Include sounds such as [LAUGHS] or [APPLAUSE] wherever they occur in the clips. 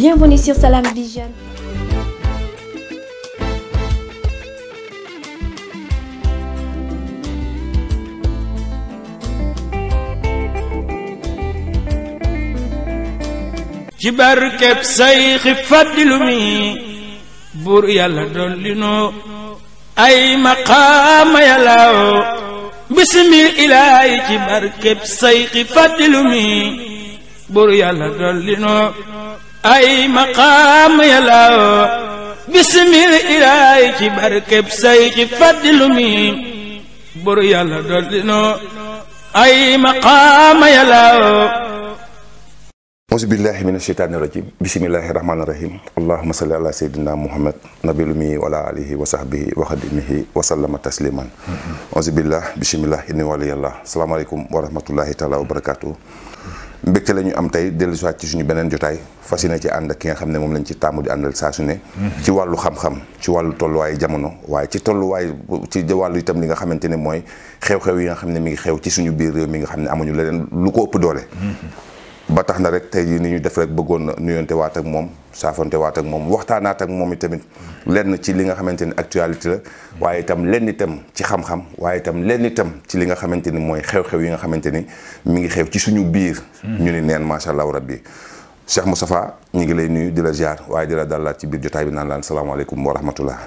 Bienvenue sur Salam Vision. ci ay maqaama yàllaw bisimil ilaahi ci barkeb sayxi fàddilu ay maqaam yàllaw bisimil ilaay ci barkeb say ci fàddilu mi bur yàlla doldino ay maqaam yàllaw auzubillahi min asheytaani irajim bisimillahi rahmaanirahim allahuma salli ala seydina muhammad nabilu mi wala alihi wa sahbihi wa xadimihi wasallama tasliman auzubillah bisimillah inni waliyallah salaamaaleykum wa rahmatullahi taala wa barakatuh mbégte la ñu am tey dellu si ci suñu beneen jotaay fas yéene ci ànd ak ki nga xam ne moom lañ ci taamu di àndal saa su ne. Mhm. ci wàllu xam-xam ci wàllu tolluwaayu jamono waaye ci tolluwaay ci wàllu itam li nga xamante ne mooy xew-xew yi nga xam ne mi ngi xew ci suñu biir réew mi nga xam ne amuñu leneen lu ko ëpp doole. Mhm. ba tax na rek tey jii ni ñu def rek bëggoon na nuyonte waat moom saafonte waat ak moom waxtaanaat ak moom itamit lenn ci li nga xamante ni actualité la waaye itam lenn itam ci xam-xam waaye itam lenn itam ci li nga xamante ni mooy xew-xew yi nga xamante ni mi ngi xew ci suñu biir hmm. ñu ni neen macha allah rabbi Cheikh Moustapha ñu ngi lay nuyu di la ziar waaye di la dalaat ci biir jotaay bi naan laan salaamaaleykum wa rahmatullah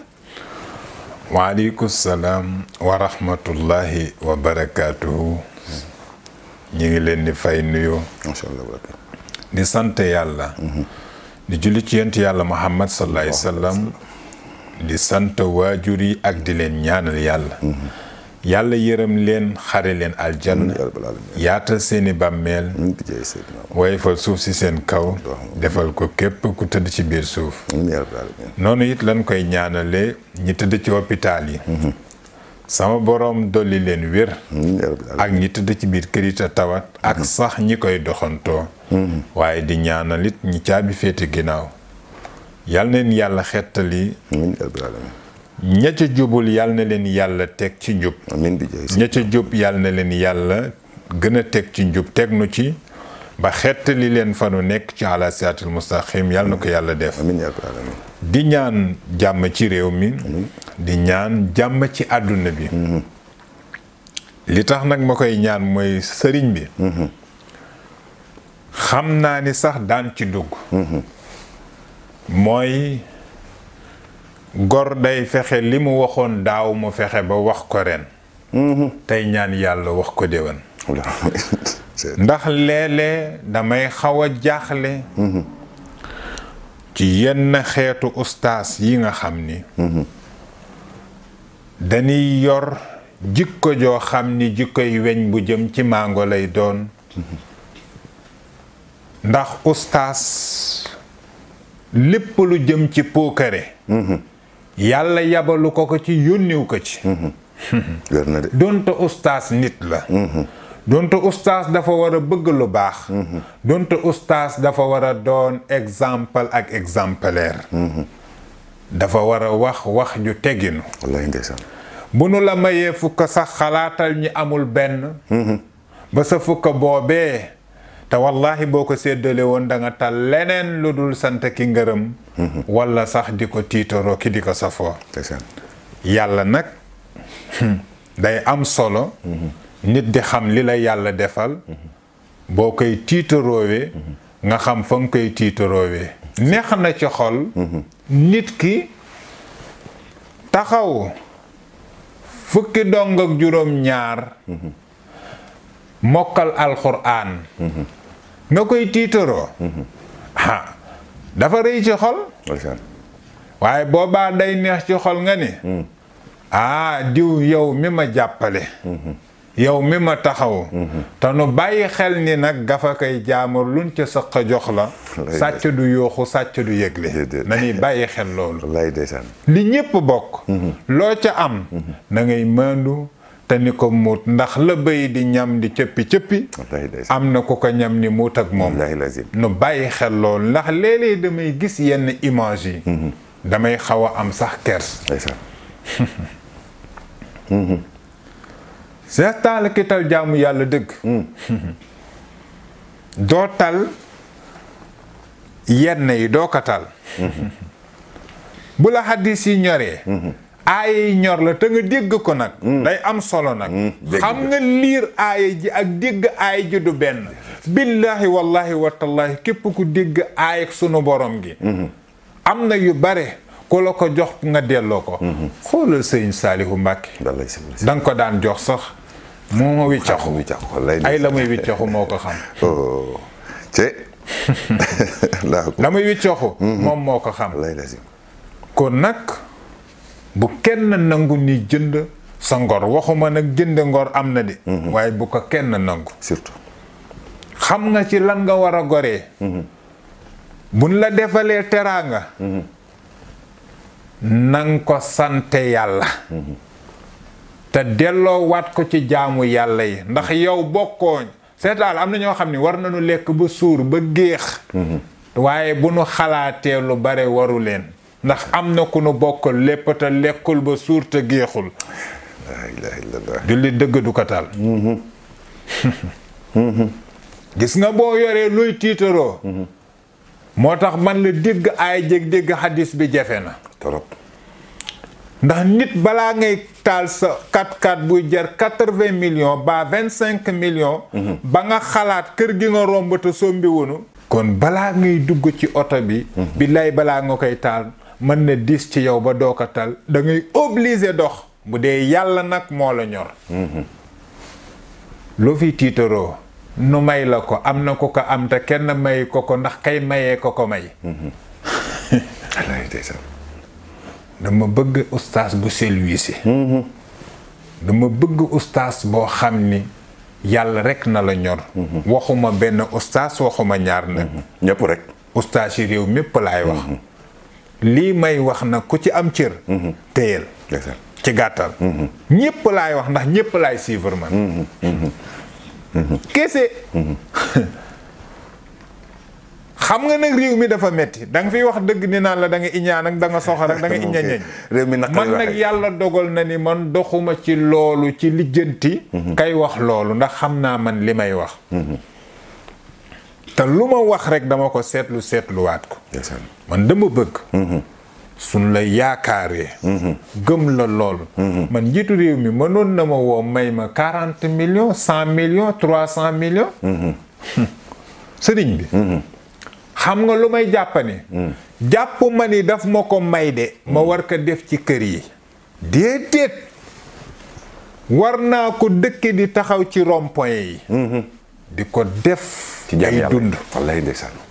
waaleykum salaam wa rahmatullahi wa barakaatuhu ñu ngi leen di fay nuyoo. macha di sant yàlla. Mhm. di julli ci yent yàlla Muhammad sallallahu alayhi wasallam di sant waajur yi ak di leen ñaanal yàlla. Mhm. yàlla yërëm leen xare leen aljanna yaatal seeni bàmmeel waaye suuf si seen kaw defal ko képp ku tëdd ci biir suuf noonu it lan koy ñaanale ñi tëdd ci hôpital yi mhm. sama boroom dolli leen wér mm, ak ñi tëdd ci biir kër yi tawat ak mm-hmm. sax ñi koy doxantoo mm-hmm. waaye di ñaanalit ñi caabi féete ginnaaw yal na leen yàlla xettali ña ca jubul yal na leen yàlla teg ci njub ña jub yal na leen yàlla gën a teg ci njub teg nu ci ba xettali leen fanu nekk ci ala siraatul mustaqim yàlla na ko yàlla def di ñaan jàmm ci réew mi di ñaan jàmm ci àdduna bi mm-hmm. li tax nag ma koy ñaan mooy sëriñ bi mm-hmm. xam naa ni sax daan ci dugg mm-hmm. mooy gor day fexe li mu waxoon daawuma fexe ba wax ko ren Mm-hmm. tey ñaan yàlla wax ko déwén [LAUGHS] ndax léeg damay xaw a jaaxle mm-hmm. ci yenn xeetu ustaas yi nga xam ni mm-hmm. dañuy yor jikko joo xam ni jikkoy weñ bu jëm ci màngo lay doon ndax ustaas lépp lu jëm ci puukare yàlla yabalu ko ko ci yónniw ko ci wér na ustaas nit la. Mhm. donte ustaas dafa war a bëgg lu baax. Mhm. donte ustaas dafa war a doon exemple ak exemplaire. Mhm. dafa war a wax wax ju teginu. wallaahi ndeysaan. bu nu la mayee fukk sax xalaatal ñi amul benn. ba sa fukk boobee. te wallahi boo ko séddale woon da nga tal leneen lu dul sant ki ngërëm. wala sax di ko tiitaroo ki di ko safoo. yàlla nag. day am solo nit di xam li la yàlla defal boo koy tiitaroowee nga xam fa nga koy tiitaroowee neex na ci xol nit ki taxaw fukki dong ak juróom ñaar mokkal alxuraan nga koy tiitaroo dafa rëy ci xol waaye boobaa day neex ci xol nga ni ah diw yow mi ma jàppale mhm. yow mi ma taxaw mhm. te nu bàyyi xel ni nag gafa kay jaamur luñ ca sëq jox la sàcc du yooxu sàcc du yëgle na ñuy bàyyi xel loolu li ñépp bokk mhm. loo ca am na ngay mëndu te ni ko muut ndax la bëy di ñam di cëppi cëppi am na ku ko ñam ni muut ak moom nu bàyyi xel loolu ndax lee léeg damay gis yenn image yi damay xaw a am sax kers [LAUGHS] seetaan la ki yàlla dëgg doo tal yenn yi doo ko tal bu la xadis yi ñoree aaya yi ñor la te nga dégg ko nag day am solo nag mm-hmm. xam nga liir aaya ji ak dégg aaya ji du benn billaahi wallahi watallaahi képp ku dégg aaya sunu borom gi mm-hmm. am na yu bare ku la ko jox nga delloo ko mhm. xoolal sëñ Saalihu Mbàkke da ko daan jox sax moo ma wiccaxu ay la muy wiccaxu moo ko xam te [LAUGHS] oh. [LAUGHS] la mhm. moom moo ko xam kon nag bu kenn nangu ni jënd sa ngor waxuma nag jënd ngor am na di mhm. waaye bu ko kenn nangu surtout xam nga ci lan nga war a goree buñ la defalee teraanga nang ko sante yàlla te delloo waat ko ci jaamu yàlla yi ndax yow bokkooñ seetaal am na ñoo xam ni war na nañu lekk ba suur ba géex waaye bu nu xalaatee lu bare waru leen ndax am na ku nu bokk lépp te lekkul ba suur te géexul laa ilaaha illallaah julli dëgg du ko taal mm-hmm. [LAUGHS] Mm-hmm. gis nga boo yoree luy tiitaroo moo tax man la dégg ay jég dégg xadis bi jafe na trop ndax nit balaa ngay taal sa 4x4 buy jar quatre ba vingt-cinq millions mhm. ba nga xalaat kër gi nga romb te sombi wunu kon balaa ngay dugg ci oto bi mhm. billaay balaa nga koy taal mën na diis ci yow ba doo ko tal da ngay dox bu dee yàlla nag moo la ñor mhm. loo fi tiitaroo nu may la ko am na ku ko am te kenn may ko ko ndax kay mayee ko ko may mm-hmm. [LAUGHS] dama bëgg ustaas bu selwisi mm-hmm. dama bëgg ustaas boo xam ni yàlla rek na la ñor mm-hmm. waxuma benn ustaas waxuma ñaar na ñëpp rek ustaas yi réew mépp laay wax lii may wax na ku ci am cër téyel ci gàttal ñëpp laay wax ndax ñépp laay suivre man kese. xam nga nag réew mi dafa metti danga nga wax dëgg ni naan la danga nga iñaan ak da nga soxor ak da nga [LAUGHS] ñeñ réew mi man nag yàlla dogal na ni man doxuma ci loolu ci lijjanti mhm. kay wax loolu ndax xam naa man li may wax mhm. te lu ma wax rek dama ko seetlu seetluwaat ko man dama bëgg mhm. suñ lay yaakaaree. gëm la lool. man njiitu réew mi mënoon na ma woo may ma quarante million cent millions trois cent millions. sëriñ bi. xam nga lu may jàpp ne. ma ni daf ma ko may de. ma war ko def ci kër yi. déedéet. war naa ko dëkke di taxaw ci rond yi. di ko def ay dund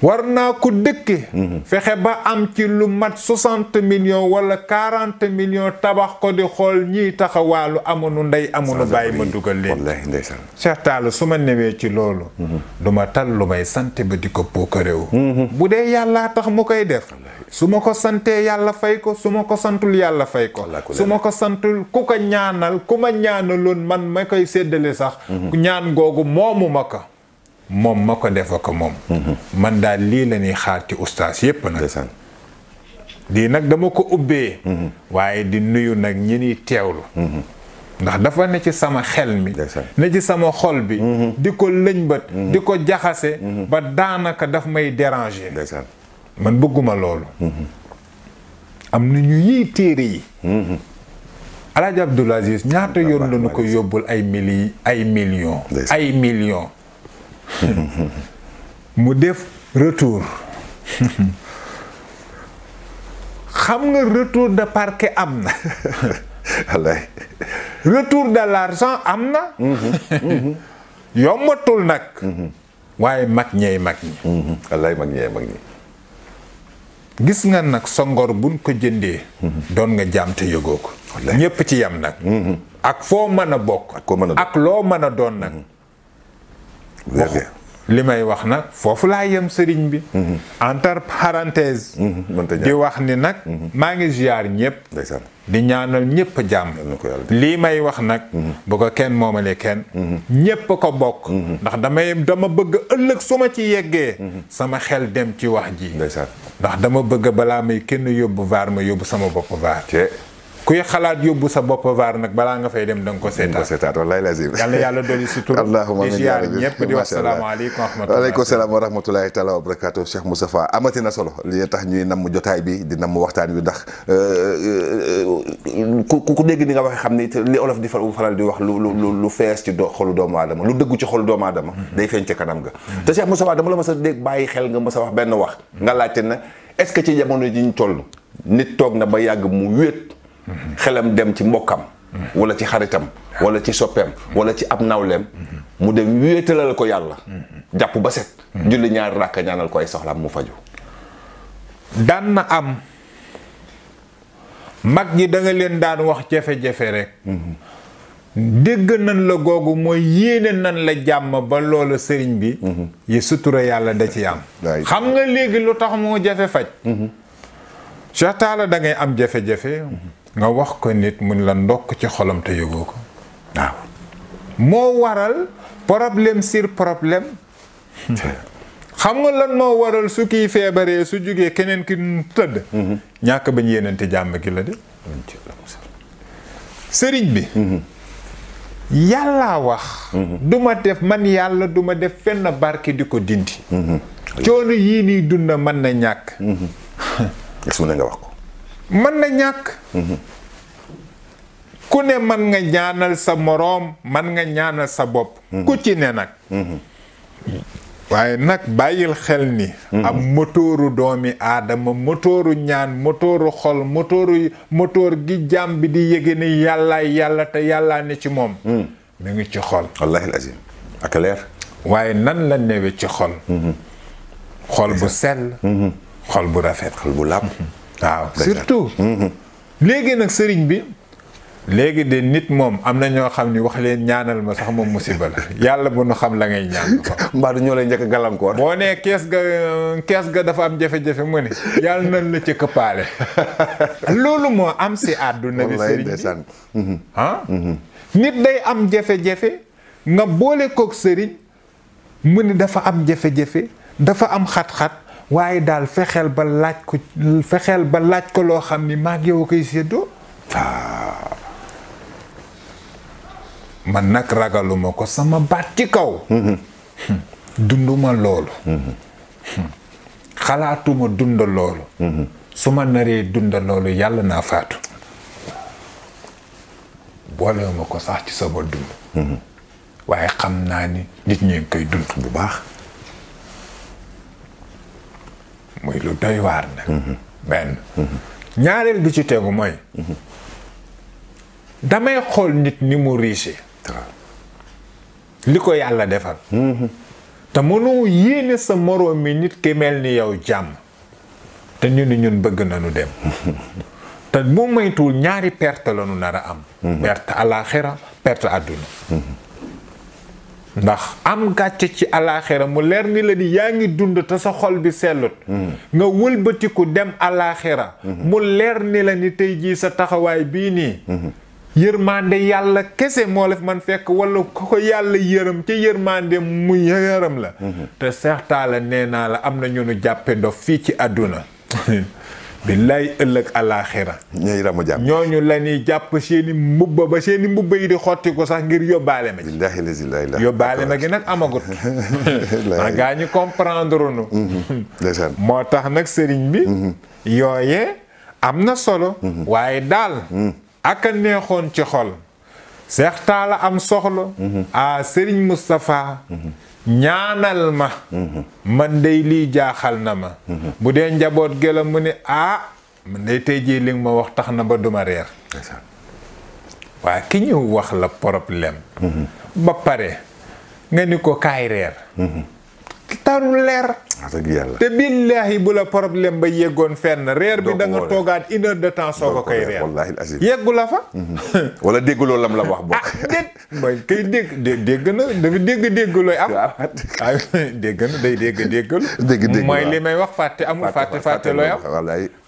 war naa ku dëkke mhm. fexe ba am ci lu mat soixante million wala quarante millions tabax ko di xool ñiy taxawaalu amunu ndey amunu bàyyi ma dugal leen wallaay ndeysaan su ma newee ci loolu mhm. duma ma tal lu may sant ba di ko pookarewu mhm. bu dee yàllaa tax mu koy def su ma ko santee yàlla fay ko su ma ko santul yàlla fay ko su ma ko santul ku ko ñaanal ku ma ñaanaloon man ma koy séddale sax ñaan googu moomu ma ko moom ma ko defa ko moom mhm. man daal lii la xaar ci ustaas yépp nag lii nag dama ko ubbee mhm. waaye di nuyu nag ñi ni teewlu mhm. ndax dafa ne ci sama xel mi ne ci sama xol bi di ko lëñbët di ko jaxase ba daanaka daf may déranger man bëgguma loolu am na ñu yiy téere yi Alaaji Abdoul Aziz ñaata yoon lañu ko yóbbul ay mili ay millions ay millions mu def retour xam nga retour de parquet am na wallaay retour de l'argent am na yombatul nag waaye mag ñey mag ñi wallaay gis nga nag sa ngor buñ ko jëndee doon nga jaam te yëgoo ko ñépp ci yam nag mm-hmm. ak foo mën a bokk ak loo mën a doon nag li may wax nag foofu laa yem sëriñ bi mhm. entre parenthèse mhm. di wax ni nag mhm. maa ngi ziar ñëpp di ñaanal ñëpp jàmm lii may wax nag bu ko kenn moomale kenn ñépp ko bokk ndax damay dama bëgg ëllëg su ma ci yeggee sama xel dem ci wax ji ndax dama bëgg balaa may kenn yóbbu vaar ma yóbbu sama bopp vaar kuy xalaat yóbbu sa bopp vaar nag balaa nga fay dem da nga ko seetaat seetaat [LAUGHS] yàlla yàlla dolli si tur allahumma di ziar ñëpp di wax salaamaaleykum wa rahmatulah waaleykum salaam wa rahmatulahi taala wa barakatuh Cheikh na solo li tax ñuy namm jotaay bi di namm waxtaan wi ndax euh, euh, ku ku dégg ni nga waxee xam ni li olof di faral di wax lu lu lu fees ci xolu doomu aadama lu dëgg ci xolu doomu aadama day feeñ ca kanam nga te Cheikh Moustapha dama la mës a dégg bàyyi xel nga mës a wax benn wax nga laajte na est-ce que ci jamono ji ñu toll nit toog na ba yàgg mu wéet xelam dem ci mbokkam wala ci xaritam wala ci soppeem wala ci ab nawleem mu dem wéetalal ko yàlla jàpp ba set julli ñaari ràkka ñaanal ko ay soxlaam mu faju dan na am mag ñi danga leen daan wax jafe-jafe rek dégg nan la googu mooy yéene nan la jàmm ba loola sëriñ bi yi sutura yàlla da ci am xam nga léegi lu tax moo jafe faj mm-hmm. Cheikh Talla am jafe-jafe nga wax ko nit mun la ndokk ci xolam te yëgoo ko moo waral problème sur problème xam nga lan moo waral su kii feebaree su jugee keneen ki tëdd mhm. ñàkk bañ yéenante jàmm gi la de sëriñ bi mhm. yàllaa wax mhm. du def man yàlla duma def fenn barke di ko dindi coono yii nii dund mën na ñàkk [LAUGHS] gis wax mën na ñàkk mhm. ku ne mën nga ñaanal sa moroom mën nga ñaanal sa bopp mhm. ku ci ne nag mhm. waaye nag bàyyil xel ni am motooru doomi aadama motooru ñaan motooru xol motoor gi jàmm bi di yége ni yàllaa yàlla te yàllaa ne ci moom mu ngi ci xol wallaahi waaye nan la newe ci xol xol bu sell xol bu rafet xol bu làpp waaw surtout mm-hmm. léegi nag sëriñ bi léegi de nit moom am na ñoo xam ni wax leen ñaanal ma sax moom musiba la yàlla bu nu xam la ngay ñaan [LAUGHS] mbaa du ñoo lay njëkk gàllankoor boo nee kees ga kees ga dafa am jafe-jafe mu ne yàlla nan la ci këppaale [LAUGHS] loolu moo am si àdduna bi sëriñ mm-hmm. Ah? Mm-hmm. am jafe-jafe nga boole kook sëriñ mu ne dafa am jafe-jafe dafa am xat-xat waaye daal fexeel ba laaj ko loo xam ni maag yow a koy séddoo man nag ragaluma ko sama baat ci kaw mm-hmm. hmm. dunduma loolu mm-hmm. hmm. xalaatuma dunda loolu mm-hmm. su ma naree dunda loolu yàlla naa faatu boolewuma ko sax ci sama dund waaye xam naa ni nit ñi koy dund bu baax muy lu doy waar nag mm-hmm. benn mm-hmm. ñaareel bi ci tegu mooy mm-hmm. damay xool nit ni mu riise li ko yàlla defal te mënoo yéene sa moroom mi nit ki mel ni yow jàmm te ñu ñun bëgg nañu dem te bu moytuwul ñaari perte la ñu nar a am perte àllaaxira perte àdduna ndax am gàcce ci alaaxira mu leer ni la ni yaa ngi dund te sa xol bi sellut nga wëlbatiku dem alaaxira mu leer ni la ni tey jii sa taxawaay bii nii yërmande yàlla kese moo la fi man fekk wala ko ko yàlla yërëm ci yërmande mu yërëm la te seextaa la nee naa la am na ñu nu jàppe ndof fii ci àdduna [LAUGHS] billaay ëllëg àllaaxira ñooy ramu jàmm ñooñu la ñuy jàpp seen i mbubba ba seen i mbubba yi di xotti ko sax ngir yóbbaale ma ji yóbbaale ma gi nag amagut [LAUGHS] a gaa ñu comprendre nu mm-hmm. moo tax nag sëriñ bi mm-hmm. yooyee am na solo mm-hmm. waaye daal ak a neexoon ci xol seex taala am soxla a ah, sëriñ Moustapha ñaanal ma man dey lii jaaxal na ma bu dee njaboot gela mu ne aa ah, man dey tey jii li ma wax tax na ba duma reer waaye ki ñëw wax la problème mhm. ba pare nga ni ko kaay reer mhm. taru leer te billaahi bu la problème ba yeggoon fenn reer bi da nga toogaat une heure de temps soo ko koy reer yeggu la fa mhm. wala dégguloo lam la wax bokk ah, déet mooy kay dégg dégg na dafa dégg déggalooy am a ah. ah, dégg na day dégg déggalu dégg mooy li may wax fàtte amul fàtte fàtte looy am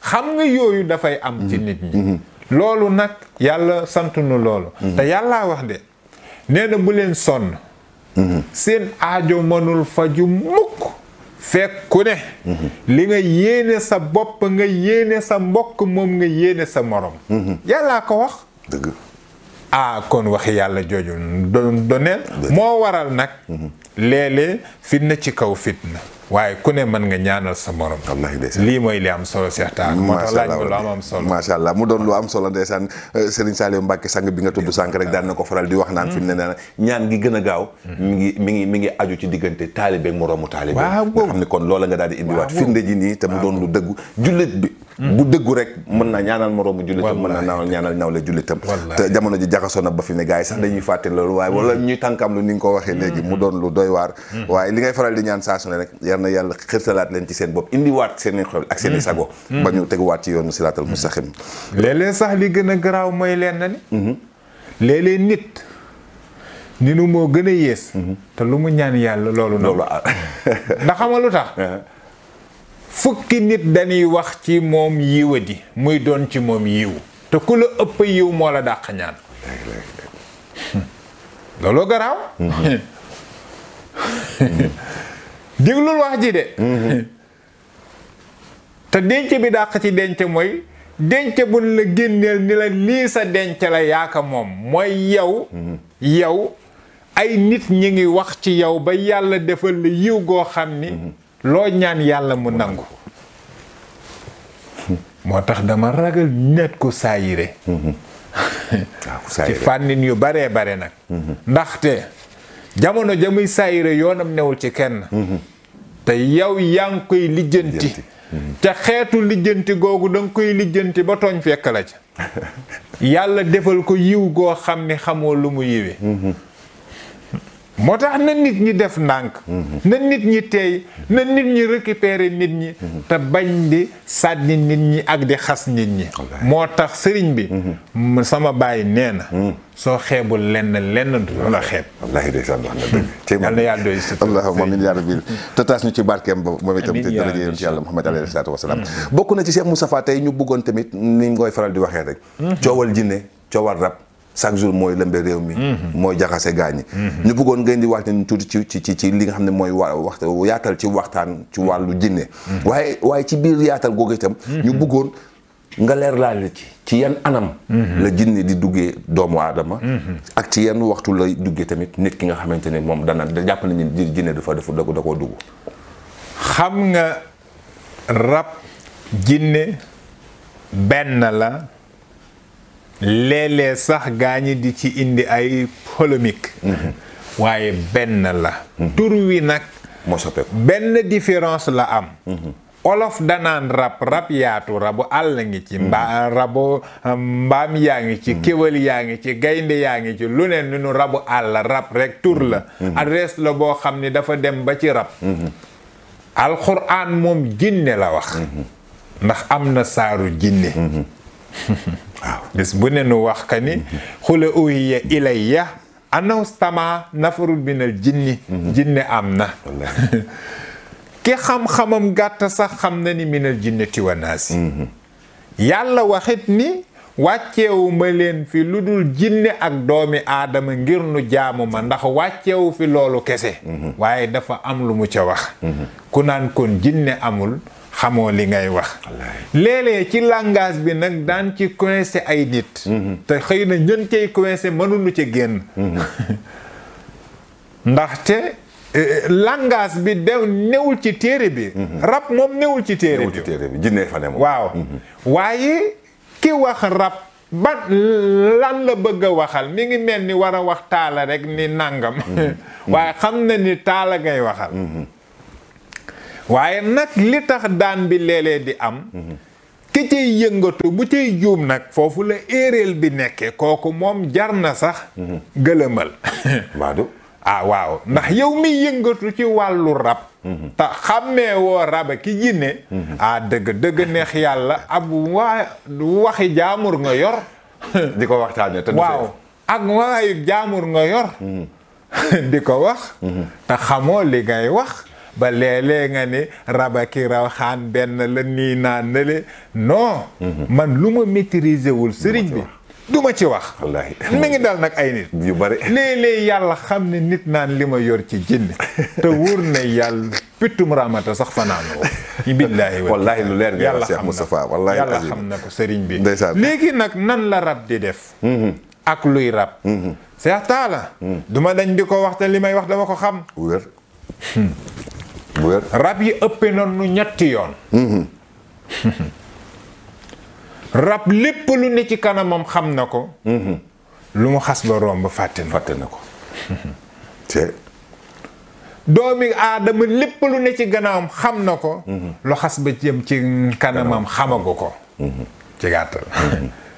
xam nga yooyu dafay am ci mhm. nit ñi mhm. loolu nag yàlla sant nu loolu te yàllaa wax de nee bu leen sonn seen aajo mënul faju mukk fekku ne li nga yéene sa bopp nga yéene sa mbokk moom nga yéene sa morom yàllaa ko wax dëgg ah kon waxi yàlla jooju doneel moo waral nag léeg fitna ci kaw fitna waaye ku ne mën nga ñaanal sa morom. wallaahi ndeysaan lii mooy li am solo Cheikh Tall. moo tax laaj nga lu am am solo. macha allah mu doon lu am solo ndeysaan euh, Serigne Saliou Mbacke sang bi nga tudd sànq rek daan na ko faral di wax naan fi mu ne naan ñaan ngi gën a gaaw. Hmm. mi ngi mi ngi mi ngi aju ci diggante taalibe ak moromu taalibe. waaw nga xam ne kon loola nga daal di indiwaat firnde ji nii te mu doon lu dëggu jullit bi bu dëggu rek mën na ñaanal moroomu jullitam mën na naanal ñaanal nawle jullitam te jamono ji jaxasoo na ba fi ne gars yi sax dañuy fàtte loolu waaye wala mm. ñuy tànkam lu ni nga ko waxee léegi mu mm. doon lu doy waar mm. waaye li ngay faral di ñaan saa su ne rek yar na yàlla xirtalaat leen ci seen bopp indi waat seen i xol ak seen i sago ba ñu teguwaat ci yoonu siraatal mustaqim léeg-léeg sax li gën a garaaw mooy leen na ni mm-hmm. léeg-léeg nit ni nu moo gën a yées mm-hmm. te lu mu ñaan yàlla loolu na loolu ah. [LAUGHS] ndax xamalu tax [LAUGHS] uh-huh. fukki nit dañuy wax ci moom di muy doon ci moom yiw te ku la ëpp yiw moo la dàq ñaan hmm. looloo garaaw [LAUGHS] déglul wax ji de te denc bi dàq ci denc mooy denc buñ la génneel ni la lii sa denc la yaaka moom mooy yow yow ay nit ñi ngi wax ci yow ba yàlla defal la yiw goo xam ni hmm. loo ñaan yàlla mu nangu moo tax dama ragal net ku saayire ci fànnin yu baree bare nag ndaxte jamono ja muy saayire yoonam newul ci kenn te yow yaa ngi koy lijjanti te xeetu lijjanti googu da koy lijjanti ba tooñ fekk la ca [LAUGHS] yàlla defal ko yiw goo xam ni xamoo lu mu yiwee moo tax na nit ñi def ndànk na nit ñi teey na nit ñi récupérer nit ñi te bañ di sànni nit ñi ak di xas nit ñi moo tax sëriñ bi mhm. sama bàyyi nee na mhm. soo xeebul lenn lenn du la xeeb wallaahi ndeysaan wax na dëgg yal na yàlla doy si ñu ci barkeem ba moom itam te daraje yoon ci yàlla Muhammad alayhi salaatu wasalaam mhm. bokk na ci Cheikh Moustapha tey ñu bëggoon tamit ni ngoy faral di waxee rek coowal jinne coowal rab chaque jour mooy lëmbe réew mi mhm. mooy jaxase gaañ ñi mhm. ñu bëggoon ngeen di wax ne tuuti ci ci ci ci li nga xam ne mooy wa wax yaatal ci waxtaan ci mhm. wàllu jinne waaye waaye ci biir yaatal googu itam ñu buggoon nga leer laal ci ci yan anam la jinne di duggee doomu aadama ak ci yenn waxtu lay duggee tamit nit ki nga xamante ne moom dana da jàpp nañu jinne dafa def da koo dugg xam nga rab jinne benn la léeg sax gaa ñi di ci indi ay polémique mm-hmm. waaye benn la mm-hmm. tur wi nag moo benn différence la am mm-hmm. olof danaan rab rab yaatu rabu àll ngi ci euh, mbaam yaa ngi ci kéwal yaa ngi ci gaynde yaa ngi ci lu ne nu rabu àll rab rek tur la adresse la boo xam ni dafa dem ba ci rab alxuraan moom jinne la wax ndax am na saaru jinne waaw bis bu ne nu wax ka ni xula uhiya ilayya anawstama nafarul binal jinni mhm. jinne am na ki [LAUGHS] xam-xamam gàtt sax xam na ni minal jinnati wa mhm. yàlla waxit ni wàccewuma leen fi lu dul jinne ak doomi aadama ngir nu jaamu ma ndax wàcceewu fi loolu kese mhm. waaye dafa am lu mu ca wax ku naan kon jinne amul xamoo li ngay wax léeg-léeg ci langage bi nag daan ci coincé ay nit mhm. te xëy na ñën cay coincé mënuñu ci génn mhm. [LAUGHS] ndaxte eh, eh, langage bi dew newul ci téere bi mhm. rab moom newul ci téere bi jinne fa ne moom waaw waaye ki wax rab ba lan la bëgg a waxal mi ngi mel ni war a wax taala rek ni nàngam [LAUGHS] waaye xam na ni taala ngay waxal waaye nag li tax daan bi léeg di am ki cay yëngatu bu cay juum nag foofu la éeréel bi nekkee kooku moom jar na sax gëlëmal waadu [LAUGHS] ah, waaw ndax yow mi yëngatu ci wàllu rab te xàmmee woo raba ki jinne ah dëgg dëgg neex yàlla ab waa waxi jaamur nga yor [LAUGHS] di ko waxtaane te waaw ak nga yor mm-hmm. [LAUGHS] di ko wax mm-hmm. te xamoo li ngay wax ba léeg-léeg nga ni raba ki raw xaan benn la nii naa nale noo mhm. man lu ma maîtriser wul sëriñ bi du ma ci wax wallaahi mi ngi dal nag ay nit [LAUGHS] yu bari yàlla xam ne nit naan li ma yor ci jinne te wóor na yàlla pittum ramata sax fanaanoo [LAUGHS] billaahi wallaahi lu leer nga yàlla Cheikh Moustapha wallaahi yàlla xam na ko sëriñ bi léegi nag nan la rab di def mhm. ak luy rab mhm. Cheikh Talla duma dañ di ko waxtaan li may wax dama ko xam rab yi ëppee na nu ñetti yoon mhm. [LAUGHS] rab lépp lu ne ci kanamam xam na ko mhm. lu mu xas ba romb fàtte fàtte na ko [LAUGHS] doomi aadama lépp lu ne ci gannaawam xam na ko mhm. lu xas ba jëm ci kanamam xamagu ko ci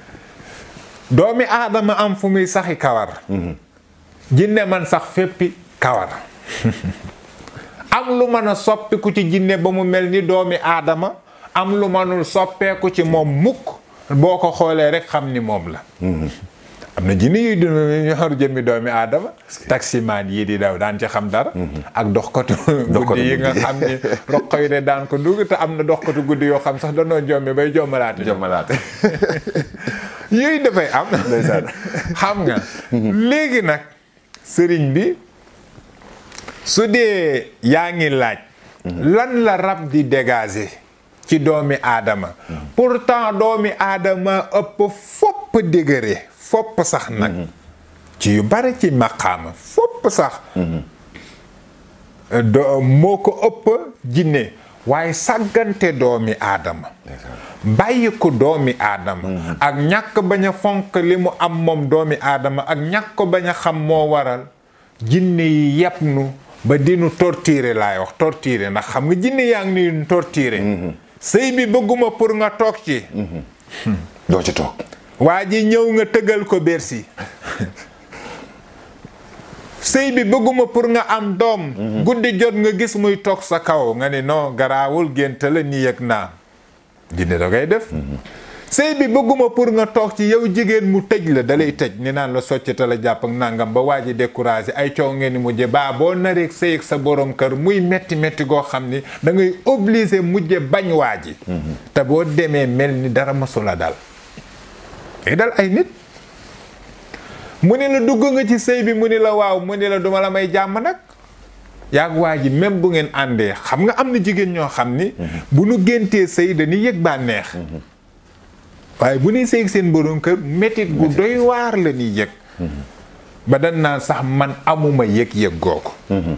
[LAUGHS] doomi aadama am fu muy saxi kawar jinne man sax féppi kawar am lu mën a soppeeku ci jinne ba mu mel ni doomi aadama am lu mënul soppeeku ci moom mukk boo ko xoolee rek xam ni moom la mhm. am na jinne yuy ñu xaru jëmmi doomi aadama taximaan yii di daw daan ci xam dara mhm. ak doxkatu guddi yi nga xam am na doxkatu guddi yoo xam sax danoo jommi bay jommalaate jommalaate [LAUGHS] dafay am [LAUGHS] xam nga mhm. léegi nag sëriñ bi su dee yaa ngi laaj lan la rab di dégager ci doomi aadama pourtant doomi aadama ëpp fopp dégëre fopp sax nag mhm. ci yu bare ci maqaama fopp sax mhm. euh, moo ko ëpp jinne waaye sàggante doomi aadama bàyyi ko doomi aadama mhm. ak ñàkk bañ a fonk li mu am moom doomi aadama ak ñàkk bañ xam moo waral jinne yi yàpp ba dinu tortiire laay wax torturer ndax xam nga jinne yaa ngi ni torturer mhm. sëy bi bëgguma pour nga toog ci mhm. doo ci toog waa ji ñëw nga tëgal ko Bercy sëy bi bëgguma pour nga am doom mhm. guddi jot nga gis muy toog sa kaw nga ni noo garaawul génta la ni yëg naa jinne da def sëy bi bëgguma pour nga toog ci yow jigéen mu tëj la dalay tëj ni naan la soccita la jàpp ak nangam ba waa ji découragé ay coow ngeen ni mujje baa boo nareeg sëy sa borom kër muy metti metti goo xam ni da ngay obligé mujje bañ waa ji mm-hmm. te boo demee mel ni dara masula dal day dal ay nit mu ni la dugg nga ci sëy bi mu ni la waaw mu ni la duma la may jàmm nag yaag waa ji même bu ngeen àndee xam nga am na jigéen ñoo xam ni mm-hmm. bu nu géntee sëy dañuy yëg bànneex mm-hmm. waaye bu ñuy seeg seen boroom kër metit gu doywaar la ñuy yëg mhm. ba dan naa sax man amuma yëg-yëg googu mhm.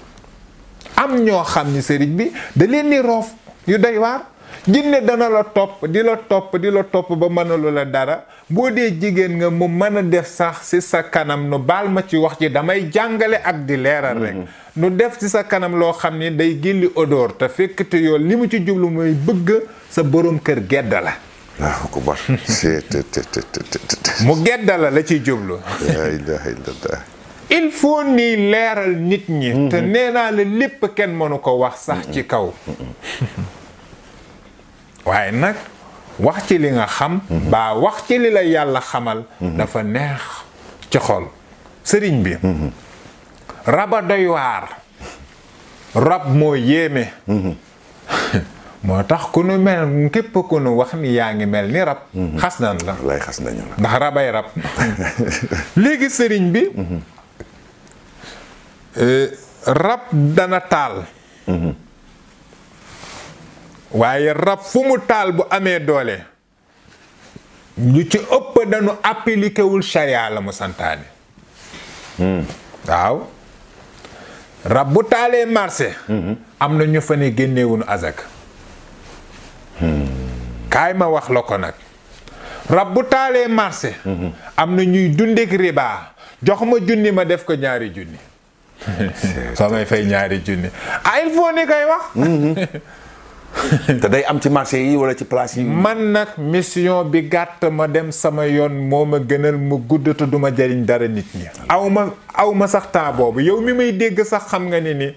[LAUGHS] am ñoo xam ni sëriñ bi da leen di roof yu doy waar jinne la topp di la topp di la topp ba mënalu dara boo dee jigéen nga mu mën a def sax ci sa kanam nu baal ma ci wax ji damay jàngale ak di leeral rek mhm. nu def ci sa kanam loo xam ni day gilli odoor te fekk te yoon li mu ci jublu muy bëgg sa boroom kër gedd la allahu [LAUGHS] mu geddala la ciy jublu la ilaha illallah il faut nii leeral nit ñi mm-hmm. te nee naa la lépp kenn mënu ko wax sax ci mm-hmm. kaw mm-hmm. [LAUGHS] waaye nag wax ci li nga xam baa wax ci li la yàlla xamal dafa neex ci xol sëriñ bi raba doy rab moo yéeme [LAUGHS] moo tax ku nu mel képp ku nu wax ni yaa ngi mel ni rab mhm. xas nañ la xas nañu la ndax [LAUGHS] léegi sëriñ bi mhm. euh, rab dana taal mhm. waaye rab fu mu taal bu amee doole lu ci ëpp dañu appliqué wul charia la mu santaane hmm. waaw rab bu taalee marché am na ñu fa ne génnewuñu azak kaay ma wax la ko nag rab bu taalee marché am na ñuy dundeek riba jox ma junni ma def ko ñaari junni [LAUGHS] soo may fay ñaari junni ah il faut ni wax [LAUGHS] te day am ci marché yi wala ci place yi man nag mission bi gàtt ma dem sama yoon moo ma gënal mu gudd duma du ma jariñ dara nit ñi aw ma aw boobu yow mi may dégg sax xam nga ni ni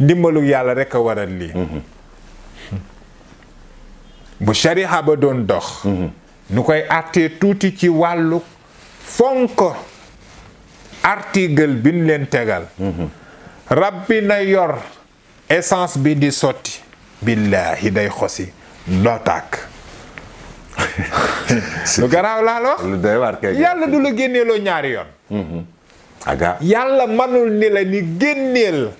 ndimbalu yàlla rek a waral lii mm-hmm. bu shariha ba doon dox mhm. nu koy àttee tuuti ci wàllu fonk article bi nu leen tegal mhm. rabbi na yor essence bi di sotti billaahi day xosi doo tàkk [LAUGHS] lu garaaw laa wax yàlla du la génneeloo ñaari yoon mhm. aga yàlla manul ni la ni génneel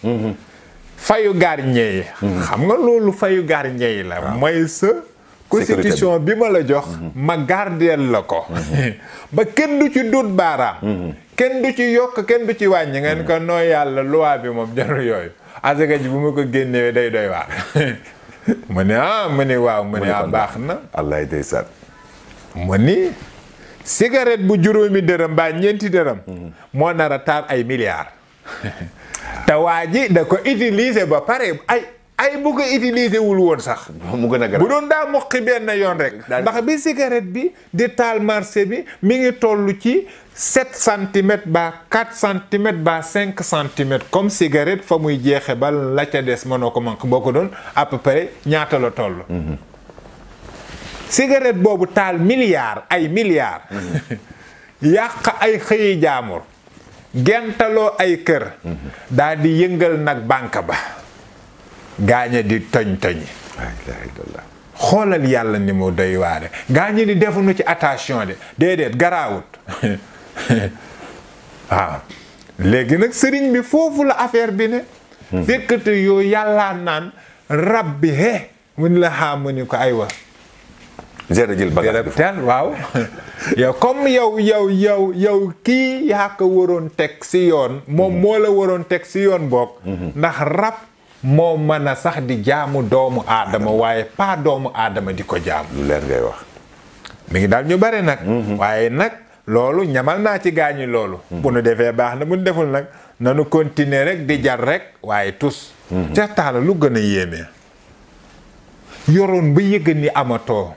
fayu gaar ñeyi xam nga loolu fayu gaar ñeyi la mooy sa constitution bi ma la jox mhm. ma gardeel la ko mhm. [LAUGHS] ba kenn du ci dut baaraam mhm. kenn du ci yokk kenn du ci wàññi ngeen ko noo yàlla loi bi moom jarul yooyu asaka ji bu ma ko génnee day doy waar [LAUGHS] mu ne ah mu ne waaw mu ne ah baax na allaay ndeysaan mu ni cigarette bu juróomi dërëm mbaa ñeenti dërëm moo nar a taal ay milliards [LAUGHS] te waa ji da ko utiliser ba pare ay ay bu ko wul woon sax. mu gën bu doon daa mokki benn yoon rek. ndax bi cigarette bi di taal marché bi mi ngi toll ci sept centimètres ba quatre centimètres ba cinq centimètres comme cigarette fa muy jeexe ba la ca des mënoo ko manqué boo ko doon à peu ñaata la toll. Mhm. cigarette boobu taal milliards ay milliards. Mhm. yàq ay xëyi jaamur gentaloo ay kër. Mhm. daa di yëngal nag banque ba. gaañe di toñ toñ xoolal yàlla ni mu doy waare gaañe di defuñu ci attention de déedéet garaawut [LAUGHS] waaw léegi nag sëriñ bi foofu la affaire bi ne hmm. fekkate yoo yàllaa naan rab bi he mu ni la xaa ni ko ay wa jërëjëf waaw [LAUGHS] yow comme yow yow yow kii yaa ko waroon teg si yoon moom hmm. moo la waroon teg si yoon boog hmm. ndax rab moo mën a sax di jaamu doomu aadama waaye pas doomu aadama di ko jaamu. lu leer ngay wax. mi ngi daal ñu bari nag. Mhm. waaye nag loolu ñamal naa ci gaañi loolu. Mhm. bu nu defee baax na bu nu deful nag nanu continuer rek di jar rek waaye tus. Mhm. ca taala lu gën a yéeme. yoroon ba yëg ni amatoo.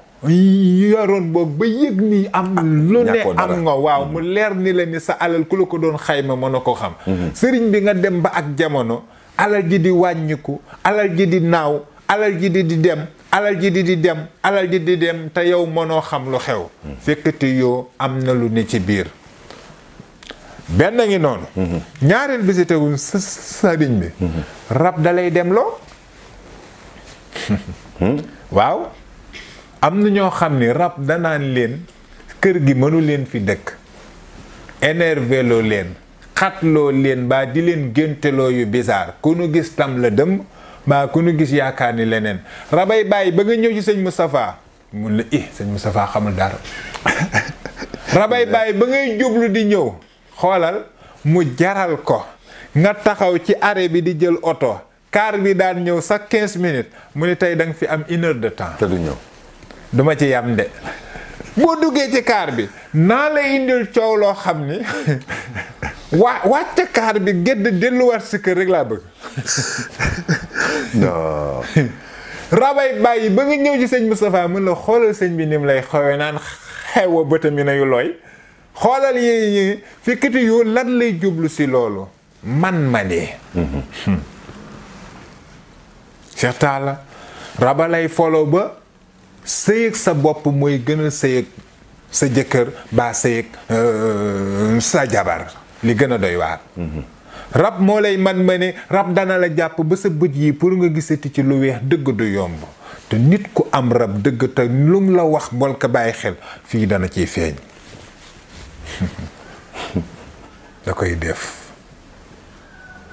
yoroon boog ba yëg ni am ah, lu ne am nga waaw mu leer ni la ni sa alal ku la ko doon xayma mën a ko xam sëriñ bi nga dem ba ak jamono alal ji di wàññiku alal ji di naaw alal ji di di dem alal ji di di dem alal ji di dem te yow mënoo xam lu xew hmm. fekkati yoo am na lu ne ci biir benn ngi noonu hmm. ñaareel bi si tegu sëriñ bi hmm. rab da dem loo [LAUGHS] waaw am na ñoo xam ni rab danaa leen kër gi mënu leen fi dëkk énervé leen xatloo leen baa di leen génteloo yu bizarre ku nu gis tam la dëmm baa ku nu gis yaakaar ni leneen rabay bàyyi ba nga ñëw ci sëñ Moustapha mun la i sëñ Moustapha xamul dara [LAUGHS] rabay bàyyi ba ngay jublu di ñëw xoolal mu jaral ko nga taxaw ci arrêt bi di jël oto kaar bi daan ñëw chaque quinze minutes mu ne tey danga fi am une de temps te du duma ci yam de boo duggee ci kaar bi naa la indil coow loo xam ni [LAUGHS] waa wàcce kaar bi gédd delluwaat si kër rek laa bëgg non rabay bàyyi ba nga ñëw ci sëñ Moustapha mën la xoolal sëñ bi ni lay xawee naan xewa bëtam yi na yu looy xoolal yi fikkati yoo lan lay jublu si loolu man ma de Cheikh rabalay raba folo ba sëyëg sa bopp mooy gën a sëyëg sa jëkkër baa sëyëg euh, sa jabar li gën a doy waar rab moo lay man ma ne rab dana la jàpp ba sa bët yi pour nga gisati ci lu weex dëgg du yomb te nit ku am rab dëgg te lum la wax bol ko bàyyi xel fii dana ciy feeñ [LAUGHS] da koy def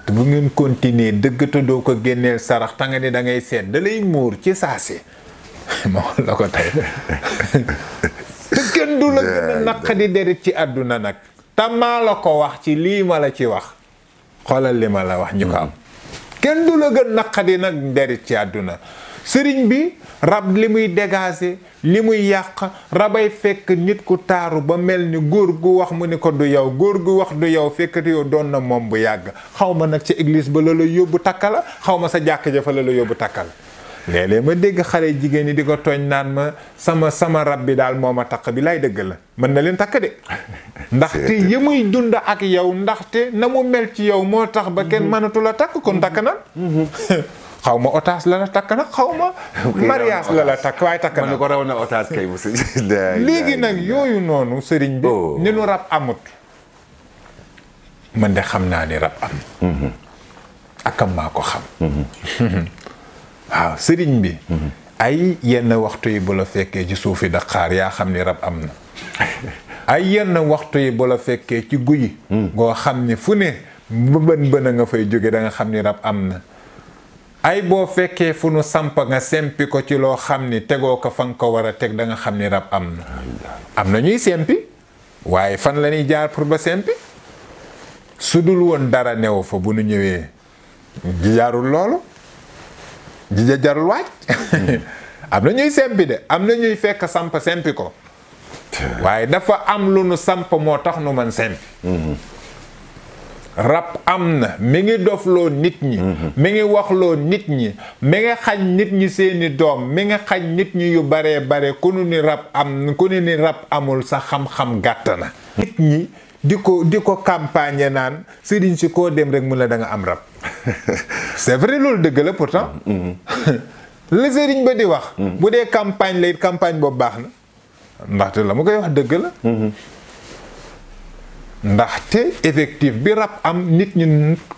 te bu ngeen continuer dëgg te doo ko génneel sarax ta nga ni da seet da muur ci saa si [LAUGHS] wax la ko tey [LAUGHS] te kenn du la gën a naqadi deret ci àdduna nag te maa la ko wax ci lii ma la ci wax xoolal li ma la wax ñu ko am kenn du la gën naqadi nag nderit ci àdduna sëriñ bi rab li muy dégager li muy yàq rabay fekk nit ku taaru ba mel ni góor gu wax mu ni ko du yow góor gu wax du yow fekkati yow doon na moom bu yàgg xaw ma nag ci église ba la la yóbbu takka xaw ma sa jàkk ja fa la la yóbbu takka léeg ma dégg xale jigéen ñi di ko tooñ naan ma sama sama rab bi daal moom ma takk bi lay dëgg la mën na leen takk de [LAUGHS] ndaxte ya muy dund ak yow ndaxte na mu mel ci yow moo tax ba kenn mm-hmm. mënatu la takk kon takk na mm-hmm. [LAUGHS] xaw ma otage la la takk nag xaw ma [LAUGHS] mariage la la takk waaye takk na ko raw na otage kay bu léegi nag yooyu noonu sëriñ bi oh. ni nu rab amut man de xam naa ni rab am mm-hmm. akam maa ko xam waaw sëriñ bi. ay yenn waxtu yi bu la fekkee ci suufi daqaar yaa xam ni rab am na. [LAUGHS] ay yenn waxtu yi bu la fekkee ci guy. Hmm. ngoo xam ni fu ne bën bën a nga fay jóge danga xam ni rab am na. ay boo fekkee fu nu samp nga sempi ko ci loo xam ni tegoo ko fa nga ko war a teg da nga xam ni rab am na. am na ñuy sempi. waaye fan la ñuy jaar pour ba sempi. su dul woon dara new fa bu nu ñëwee jaarul loolu. jija jarul waaj [LAUGHS] am na ñuy sempi de am na ñuy fekk samp sempi ko waaye dafa am lu nu samp moo tax nu man sempi rab am na mi ngi dofloo nit ñi mi ngi wax waxloo nit ñi mi ngi xañ nit ñi seeni doom mi ngi xañ nit ñi yu baree bare ku nu ni rab am ku nu ni rab amul sa xam-xam gàtt na nit ñi di ko di ko campagne naan sëriñ si koo dem rek mu la da am rab [LAUGHS] c'est vrai loolu dëgg la pourtant. Mm-hmm. la sëriñ di wax. Mm-hmm. bu dee campagne la it campagne boobu baax na. ndaxte la mu koy wax dëgg la. Mm-hmm. ndaxte effectif bi rab am nit ñi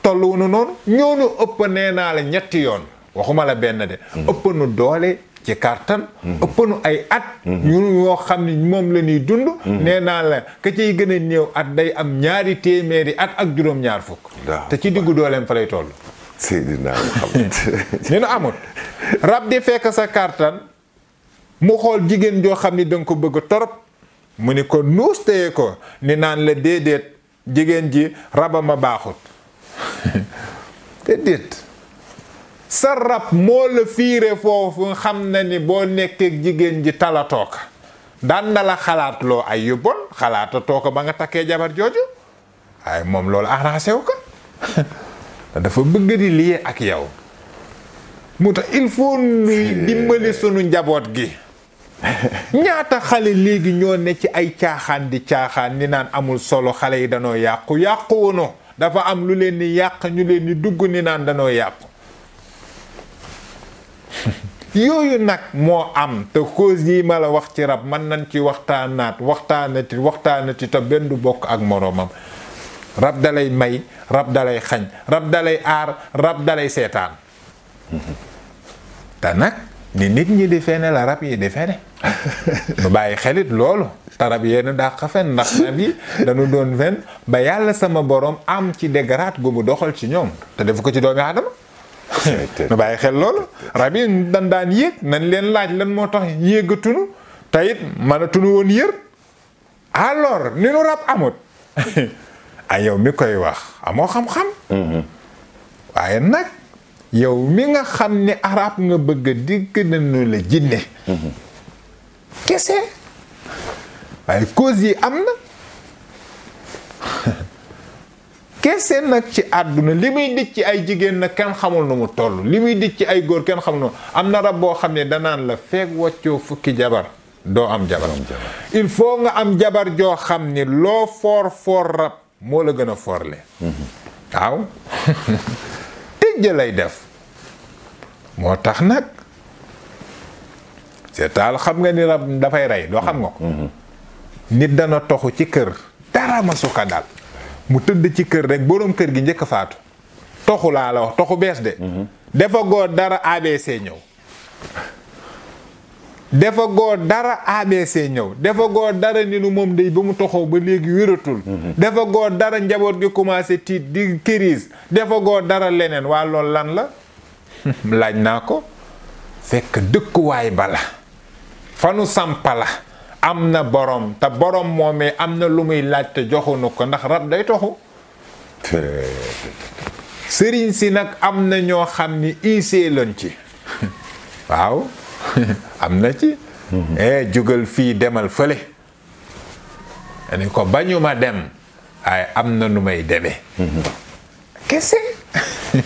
tolluwu nu noonu ñoo nu ëpp nee naa la ñetti yoon waxuma la benn de. ëpp nu doole. ci ëppanu ay at ñun yoo xam ne moom la ñuy dund nee naa la ka ciy gën a néew at day am ñaari téeméeri at ak juróom-ñaar fukk te ci diggu dooleem fa lay toll ni [LAUGHS] nu amut rab di fekk sa kartan mu xool jigéen joo xam ni danga ko bëgg torop mu ni ko nuus ko ni naan la déedéet jigéen ji rabama baaxut [LAUGHS] déedéet sa rab moo la fiire foofu xam na ni boo nekkee jigéen ji talatoo ko daan na la xalaat loo ay yu bon xalaata ko ba nga takkee jabar jooju waaye moom loolu arrangé wu ko [LAUGHS] dafa bëgg di lié ak yow mu tax il faut nuy dimbali sunu njaboot gi [LAUGHS] ñaata xale léegi ñoo ne ci ay caaxaan di caaxaan ni naan amul solo xale yi danoo yàqu yàquwuno dafa am lu leen ni yàq ñu leen ni dugg ni naan danoo yàqu yooyu nag moo am te cause yi ma la wax ci rab mën nañ ci waxtaanaat waxtaanati ci te benn bokk ak moroomam rab dalay may rab dalay xañ rab dalay aar rab dalay seetaan te nag ni nit ñi di fene la rab yi di fene nu bàyyi xelit loolu te rab yenn dàq fen ndax rab yi dañu doon fen ba yàlla sama boroom am ci dégrade gu mu doxal ci ñoom te def ko ci doomi aadama [LAUGHS] nu bàyyi xel loolu rab yi dan daan yéeg nañ leen laaj lan moo tax yéegatunu te it mënatunu woon yër alors ni nu rab amut a [LAUGHS] ah, yow mi koy wax amoo xam-xam mm-hmm. waaye nag yow mi nga xam ni arab nga bëgg a digg nañu la jinne mm-hmm. kese waaye cause yi am na [LAUGHS] kese nag ci àdduna li muy dij ci ay jigéen nag kenn xamul nu mu toll li muy dij ci ay góor kenn xamul nu am na rab boo xam ne danaan la feeg waccoo fukki jabar doo am jabar il faut nga am jabar joo xam ni loo foor foor rab moo la gën a forle mm-hmm. waaw [LAUGHS] tëjj lay def moo tax nag seetaal xam nga ni rab dafay rey doo xam nga ko mm-hmm. Mm-hmm. nit dana toxu ci kër dara ma suka dal mu tëdd ci kër rekk boroom kër gi njëkk faatu toxu laa la wax toxu bees de mhm. dafa goo dara abc ñëw dafa goo dara abc ñëw dafa goo dara ni nu moom day ba mu toxoo ba léegi wératul mhm. dafa goo dara njaboot gi commencé tiit di kiriis dafa goo dara leneen waa loolu lan la [LAUGHS] laaj naa ko fekk dëkkuwaay bala fanu sampa la am na borom te borom moomee am na lu muy laaj te joxunu ko ndax rab day toxu sëriñ si nag am na ñoo xam ni iisee lañ ci [LAUGHS] waaw [LAUGHS] am na ci jógal mhm. eh, jugal fii demal fële ni ko bañu ma dem ay am na nu may demee mhm. kese [LAUGHS]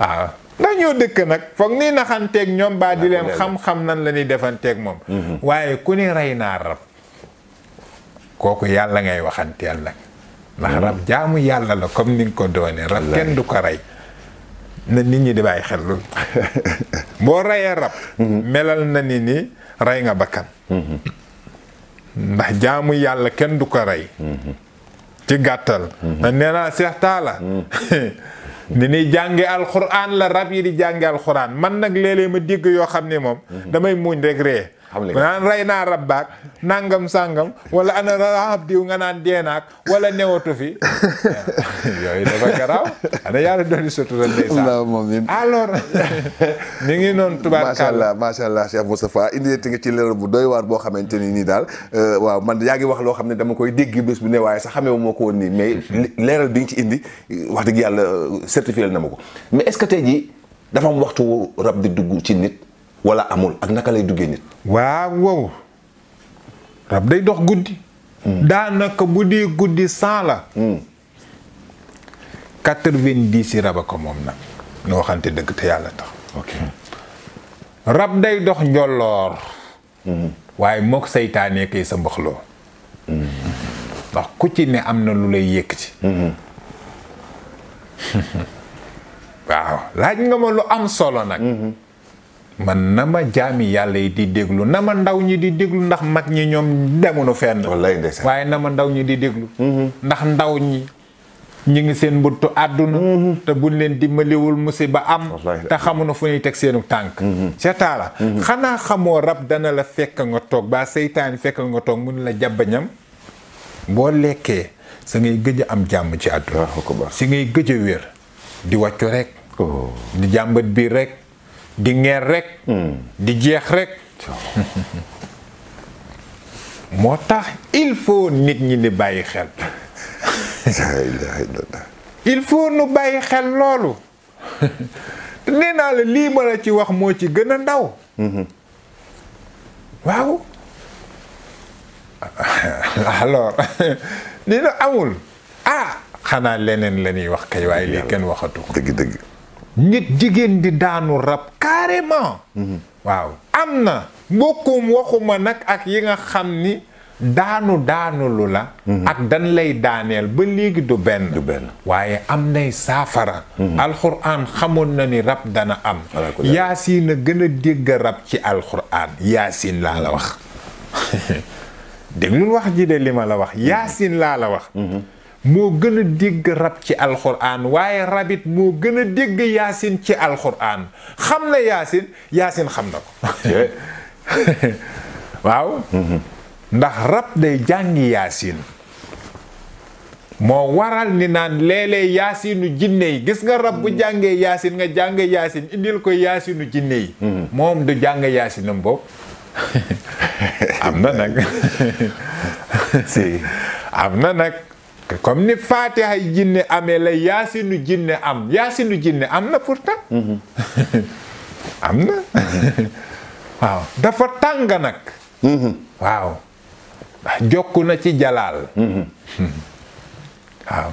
waaw ndax ñoo dëkk nag foog nii naxanteeg ñoom baa di leen xam-xam nan la ñuy defanteeg moom mhm. waaye ku ni rey naa rab kooku yàlla ngay waxanteel nag ndax mhm. rab jaamu yàlla la comme ni ko doone rab kenn du ko rey na nit ñi di bàyyi xel loolu [LAUGHS] boo reyee rab mhm. melal na ni ni rey nga bakkan ndax jaamu yàlla kenn du ko rey ci gàttal nee seex taala [LAUGHS] ni ni jànge alxuraan la rab yi di jànge alxuraan man nag léeg ma dégg yoo xam ne moom mhm. damay muuñ rek ree xam nga naan rey naa rabbaak nangam sàngam wala ana raab ah, diw nga naan deenaak wala newatu fi [LAUGHS] yooyu dafa garaaw ana yàlla doon sutura ndeysaan [LAUGHS] alors ñu ngi noonu tubaab macha allah macha allah Cheikh Moustapha indi nga ci leeral bu doy waar boo xamante ni nii daal euh, waaw man yaa ngi wax loo xam ne dama koy dégg bés bu ne waaye sax xamee moo ko woon nii mais mhm. leeral bi nga ci indi wax dëgg yàlla euh, certifié na ma ko mais est-ce que tey jii dafa am waxtu rab di dugg ci nit wala amul ak naka lay duggee nit. waaw wow rab day dox guddi. Hmm. daanaka bu dee guddi cent la. Hmm. quatre-vingt-dix yi rab a ko moom nag. nu waxante dëgg te yàlla tax. rab day dox njolloor. Hmm. waaye mook seytaanee kay sa mboxloo. ndax ku ci ne am na lu lay yëkkati. [LAUGHS] waaw laaj nga ma lu am solo nag. man na ma jaami yàlla yi di déglu na ma ndaw ñi di déglu ndax mag ñi ñoom demunu fenn waaye na ma ndaw ñi di déglu mm-hmm. ndax ndaw ñi ñu ngi seen mbuttu àdduna mm-hmm. te buñ leen dimbaliwul musiba am te xamuna fu ñuy teg seenu tànk mm-hmm. ca taala xanaa xamoo rab dana la fekk nga toog baa seytaan fekk nga toog mun la jàbbañam boo lekkee sa ngay gëj am jàmm ci àdduna si ngay gëj a wér di wàccu rek oh. di jàmbat biir rek di ngeer rek. Hmm. di jeex rek. moo tax il faut nit ñi ni bàyyi xel. il faut nu bàyyi xel loolu. te nee naa la lii ma la ci wax moo ci gën a ndaw. Hmm. waaw. alors nee na amul ah xanaa leneen la wax kay waaye lii kenn waxatu. dëgg dëgg. nit jigéen di daanu rab carrément waaw am na bokkum waxuma nag ak yi nga xam ni daanu daanulu la ak dan lay daaneel ba léegi du benn waaye am nay saafara mhm. alxuraan xamoon na ni rab dana am yaasiin a gën a dégg rab ci alxuraan yaasiin laa la wax [LAUGHS] déglul wax ji de li ma la wax mhm. yaasin laa la wax mhm. moo gën a dégg rab ci alxuraan waaye rabit moo gën a dégg yaasin ci alxuraan xam na yaasin yaasin xam na ko [LAUGHS] waaw ndax rab day jàngi yaasin moo waral ni naan léeg-léeg yaasinu jinne yi gis nga rab bu jàngee yaasin nga jàng yaasin indil ko yaasinu jinne yi moom du jàng yaasinam bopp [LAUGHS] am na nag [LAUGHS] am na nag nekk ni faate yi jinne amee la yaasinu jinne am yaasinu jinne am na pourtant mm-hmm. am na waaw dafa tàng nag mm-hmm. waaw jokk na ci jalaal mm-hmm. waaw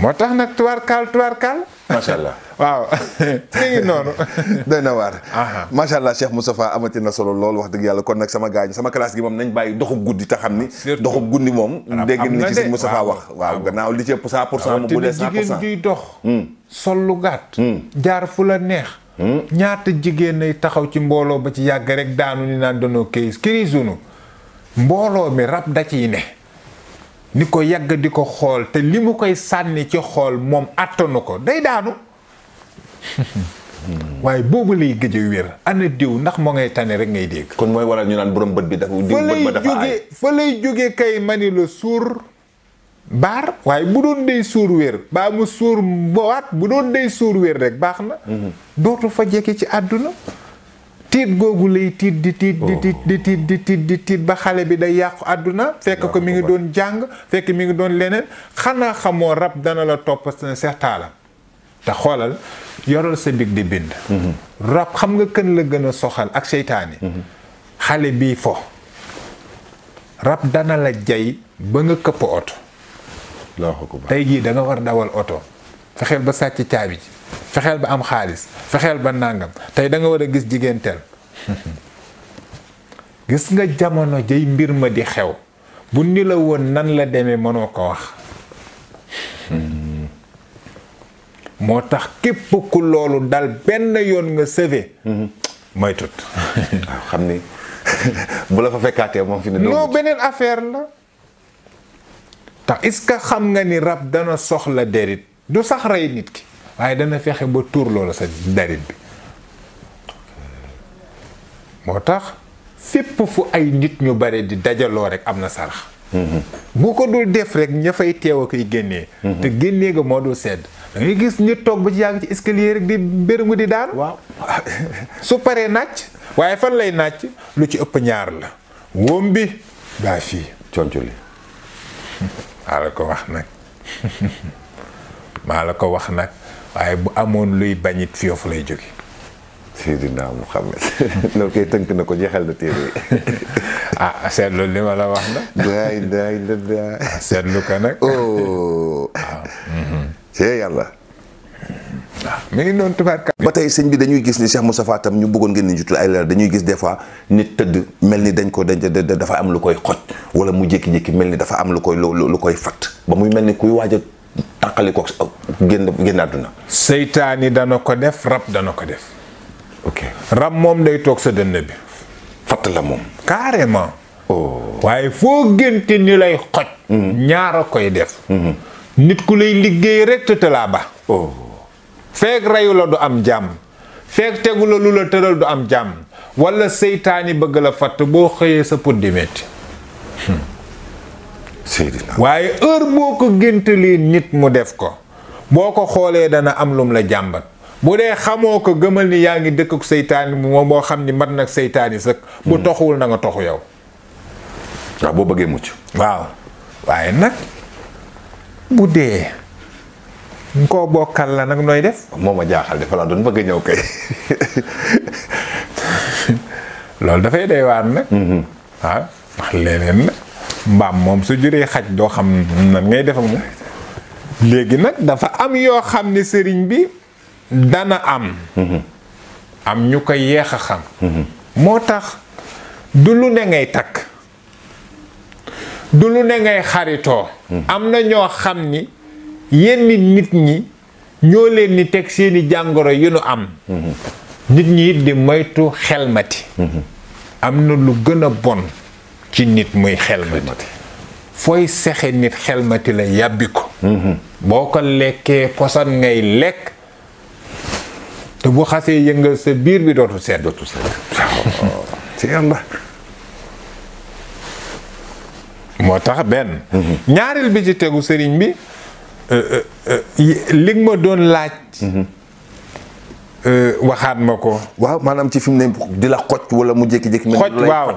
moo tax nag tuwarkaal tuwarkaal macha allah waaw léegi [LAUGHS] noonu. [LAUGHS] doy na waar. macha allah Cheikh Moustapha amati a solo lool wax dëgg yàlla kon nag sama gaañ sama classe gi moom nañ bàyyi doxu guddi te xam ni. doxu guddi moom. dégg ni ci sëñ Moustapha wax. waaw dox. Hmm. sol lu gàtt. Hmm. jaar fu la neex. Hmm. ñaata jigéen ay taxaw ci mbooloo ba ci yàgg rek daanu ni naan danoo këyis kërisunu mbooloo mi rab da ciy ne. ni ko yàgg di ko xool te li mu koy sànni ci xool moom attanu ko day daanu. [LAUGHS] waaye boobu lay gëj a wér ana diw ndax moo ngay tane rek ngay dégg. kon mooy waral ñu naan bët bi dafa diw bët ba dafa aay fa lay jóge kay mani la suur baar waaye bu doon day suur wér baa suur bu doon suur wér rek baax na mhm. dootu fa jekki ci àdduna tiit googu lay tiit di tiit di tiit di tiit ba xale bi day yàqu àdduna fekk ko mi ngi doon jàng fekk mi ngi doon leneen xanaa xamoo rab dana la topp seetaa la te xoolal yoral sa big di bind mhm. rab xam nga kën la gën a soxal ak seytaane mhm. xale bii fo rab dana la jay ba nga këpp oto tey jii da nga war dawal oto fexeel ba sàcc caabi ji fexeel ba am xaalis fexeel ba nàngam tey danga war a gis jigéen [LAUGHS] gis nga jamono jay mbir ma di xew bu ni la woon nan la demee mënoo ko wax moo tax képp ku loolu dal benn yoon nga sauvé. Mhm. mooy tut waaw [LAUGHS] ah, xam ni [LAUGHS] bu la fa fekkaatee moom fi ne. non beneen affaire la. tax est-ce que xam nga ni rab dana soxla derit du sax nit ki. waaye dana fexe ba tuur sa derit bi. moo tax fépp fu ay nit ñu bare di dajaloo rek am na sarax. Mhm. bu ko dul def rek ña teew a koy génnee. Mhm. te génnee nga moo dul sedd. da ngay gis nit toog ba ci yàgg ci escalier rek di bërëngu di daan. waaw [LAUGHS] su paree nàcc. waaye fan lay nàcc lu ci ëpp ñaar la. wóom bi baa fii. [LAUGHS] maa la ko wax nag [LAUGHS] maa la ko wax nag waaye bu amoon luy bañit fiofu lay jóge Seydina Muhammad loolu koy tënk na ko jeexal na téere ah seetlu li ma la wax na seetlu ko nag oh. ah, mhm. see yàlla waaw mi ngi noonu tubaarkaat ba tey sëñ bi dañuy gis ni Cheikh Moustapha tam ñu bëggoon ngeen ni la ay leer dañuy gis des fois nit tëdd mel ni dañ ko dañ dafa am lu koy xoj wala mu jékki-jékki mel ni dafa am lu koy lu koy fatt ba muy mel ni kuy waaj a tàqali ko génn génn àdduna seytaani dana ko def rab dana ko def ok rab moom day toog sa dënn bi fatt la moom carrément oh. waaye foo gënte ni lay xoj mm-hmm. ñaara koy def mm-hmm. nit ku lay liggéey rekk te tëlaa ba oh. feeg reyu du am jàmm feeg tegula la lu la tëral du am jàmm walla seytaani bëgg la fatt boo xëyee sa put di metti hmm. waaye ër boo ko géntalee nit mu def ko boo ko xoolee dana am lum la jàmbat bu dee xamoo ko gëmal ni yaa ngi dëkk ak seytaani moom boo xam ni mat nag seytaani sëkk bu hmm. toxuwul na toxu yow waaw ah, boo bëggee mucc waaw waaye nag bu dee koo bokkal la nag nooy def. moo ma jaaxal dafa laa doon bëgg a ñëw kay. loolu dafay day waan nag. Mm-hmm. ah wax leneen la. mbaam moom su juree xaj doo xam nan ngay def ak moom. léegi nag dafa am yoo xam ne sëriñ bi dana am. Mm-hmm. am ñu ko yeex a xam. Mm-hmm. moo tax du lu ne ngay takk. du lu ne ngay xaritoo am na ñoo xam ni yenn nit ñi ñoo leen ni teg seeni jàngoro yu nu am nit ñi di moytu xelmati am na lu gën a bon ci nit muy xelmati fooy sexe nit xelmati la yàbbi ko boo ko lekkee posan ngay lekk te bu xasee yëngal sa biir bi dootu seet dootu [LAUGHS] moo tax benn. ñaareel bi ci tegu sëriñ bi euh, euh, euh, li ma doon laaj. Mm-hmm. waxaat ma ko. waaw maanaam ci fi mu ne di la xoj wala mu jékki-jékki. mel ni lu lay waaw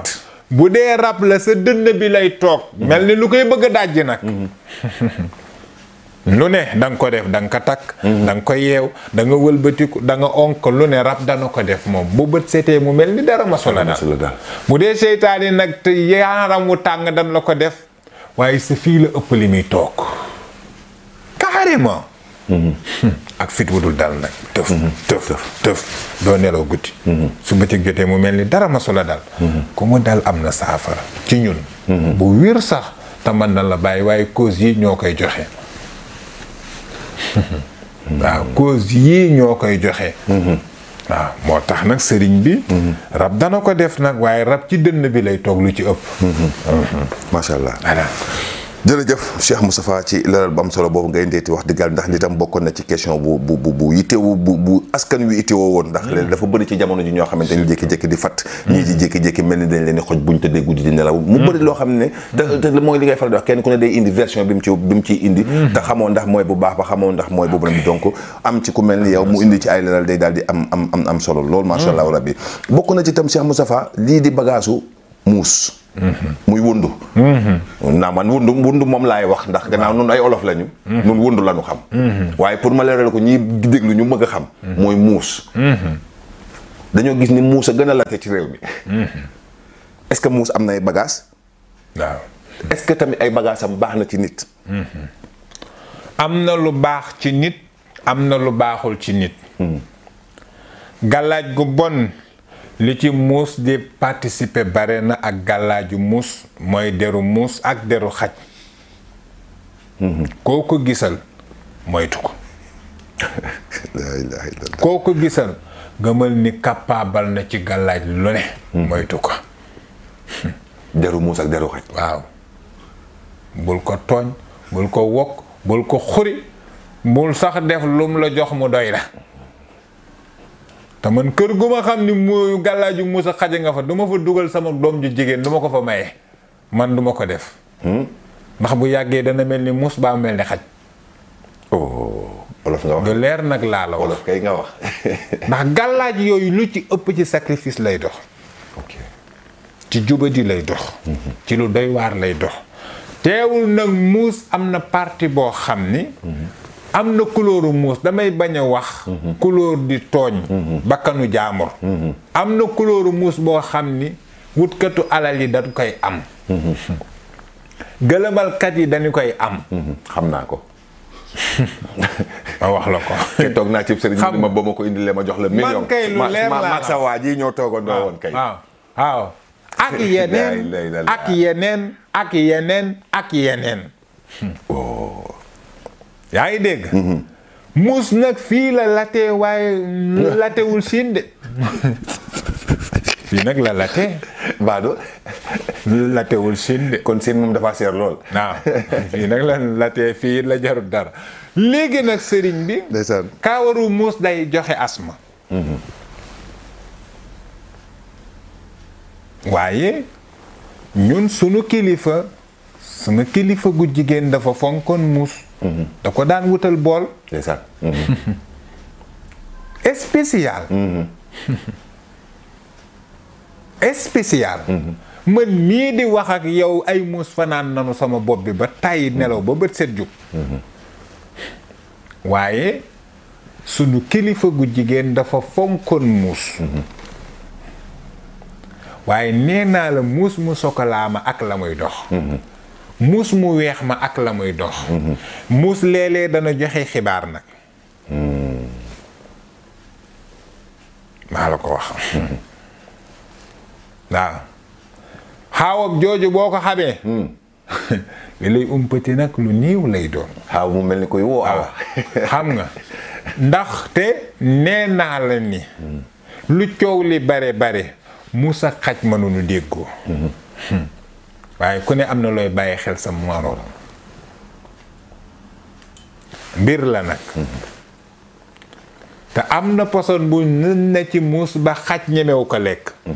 bu dee rab la sa dënn bi lay toog. Mm-hmm. mel ni lu koy bëgg a dajji nag. Mm-hmm. [LAUGHS] lu ne danga ko def danga ko takk mm-hmm. danga ko yeew da nga wëlbatiku da nga onk lu ne rab dana ko def moom bu bët setee mu mel ni dara masula daal bu dee seytaane nag te yaram tàng dan la ko def waaye sa fii la ëpp li muy toog carrément mm-hmm. ak fit wu dul dal nag mm-hmm. tëf tëf tëf doo nelaw guddi su mu mel ni dara masula dal ku mu dal am na saafara ci ñun bu wér sax te man na la bàyyi waaye cause yi ñoo koy joxe [LAUGHS] waaw cause yii ñoo koy joxe. waaw moo tax nag sëriñ bi. rab dana ko def nag waaye rab ci dënn bi lay toog lu ci ëpp. [LAUGHS] macha allah. jërëjëf Cheikh Moustapha ci leeral bu am solo boobu ngay ndeeti wax dëgg ndax li tam bokkoon na ci question bu bu bu bu yittewu bu bu askan wi yittewoo woon ndax léegi hmm. dafa bëri ci jamono ji ñoo xamante ni jékki-jékki di fat hmm. ñii di ni dañ leen di xoj buñ tëddee guddi di nelaw mu hmm. bëri loo xam ne te te mooy li ngay faral di wax kenn ku ne day indi version bi mu ci bi indi te xamoo ndax mooy bu baax ba xamoo ndax mooy boobu bi donc am ci ku mel ni yow mu indi ci ay leeral day daal di am am am am solo loolu macha allah rabbi bokk na ci tam Cheikh Moustapha lii di bagaasu muus muy wundu naa man wundu wundu moom laay wax ndax gannaaw nun ay olof lañu nun wundu lañu xam waaye pour ma la leeral ko ñii déglu ñu mëgg a xam mooy muus dañoo gis ni muus a gën a late ci réew mi est-ce que muus am na ay bagage waaw ce que tamit ay bagage am baax na ci nit am na lu baax ci nit am na lu baaxul ci nit hmm. galaaj gu bon li ci muus di participer bare na ak gàllaaju muus mooy deru muus ak deru xaj mm-hmm. koo ko gisal moytu ko [LAUGHS] koo ko gisal gëmal ni capable na ci gàllaaj lu ne mm-hmm. moytu ko [LAUGHS] deru muus ak deru xaj waaw bul ko tooñ bul ko wokk bul ko xuri bul sax def lum la jox mu doy la te man kër gu ma xam ni mooy gàllaaju Moussa xaje nga fa du ma fa dugal sama doom ju jigéen du ma ko fa maye man du ma ko def. Hmm? ndax bu yàggee dana mel ni muus baa mel ni xaj. wolof oh, nga lu leer nag laa la kay nga wax. [LAUGHS] ndax gàllaaj yooyu lu ci ëpp ci sacrifice lay dox. ok ci jubadi lay dox. Hmm. ci lu doy waar lay dox. teewul nag muus am na parti boo xam ni. Hmm. am na couleur muus damay bañ a wax mhm. couleur di tooñ mhm. bakkanu jaamur mhm. am na couleur muus boo xam ni wutkatu alal yi dañ koy am gëlëmalkat yi dañu koy am xam naa ko [LAUGHS] wax la ko [LAUGHS] toog naa cib sëriñ bi ko indilee ma jox la million man kay lu leer laa ma sa waa ji ñoo toogandoo ah, woon kay waaw waaw ak [LAUGHS] yeneen ak yeneen ak yeneen hmm. oh. yaa ngi dégg. Mhm. muus nag fii la latee waaye latewul siin de fii nag la late baado latewul siin de kon siin moom dafa seer lool waaw fii nag la latee fii la jarut dara léegi nag sëriñ bi kaawaru muus day joxe asma mhm. waaye ñun sunu kilifa sunu kilifa gu jigéen dafa fonkoon muus da ko daan wutal bool. ndeysaan. [LAUGHS] spécial. [LAUGHS] spécial. man mii di wax ak yow ay muus fanaan nanu sama bopp bi ba tàyyi nelaw ba bët set jug. waaye sunu kilifa gu jigéen dafa fonkoon muus. waaye nee naa la muus mu sokolaama ak la muy dox. muus mu weex ma ak la muy dox mm-hmm. muus léeg-léeg dana joxe xibaar nag mm-hmm. maa la ko wax [LAUGHS] waaw xaaw ak jooju boo ko xamee mm-hmm. [LAUGHS] li lay umpati nag lu niiw lay doon xaaw mu mel ni koy woo xam nga ndax te nee naa la ni lu coow li bare bare muus ak xaj mënuñu déggoo hmm. waaye ku ne am na looy bàyyi xel sa moroom mbir la nag te am na poson bu nun na ci muus ba xaj ñemewu ko lekk [LAUGHS]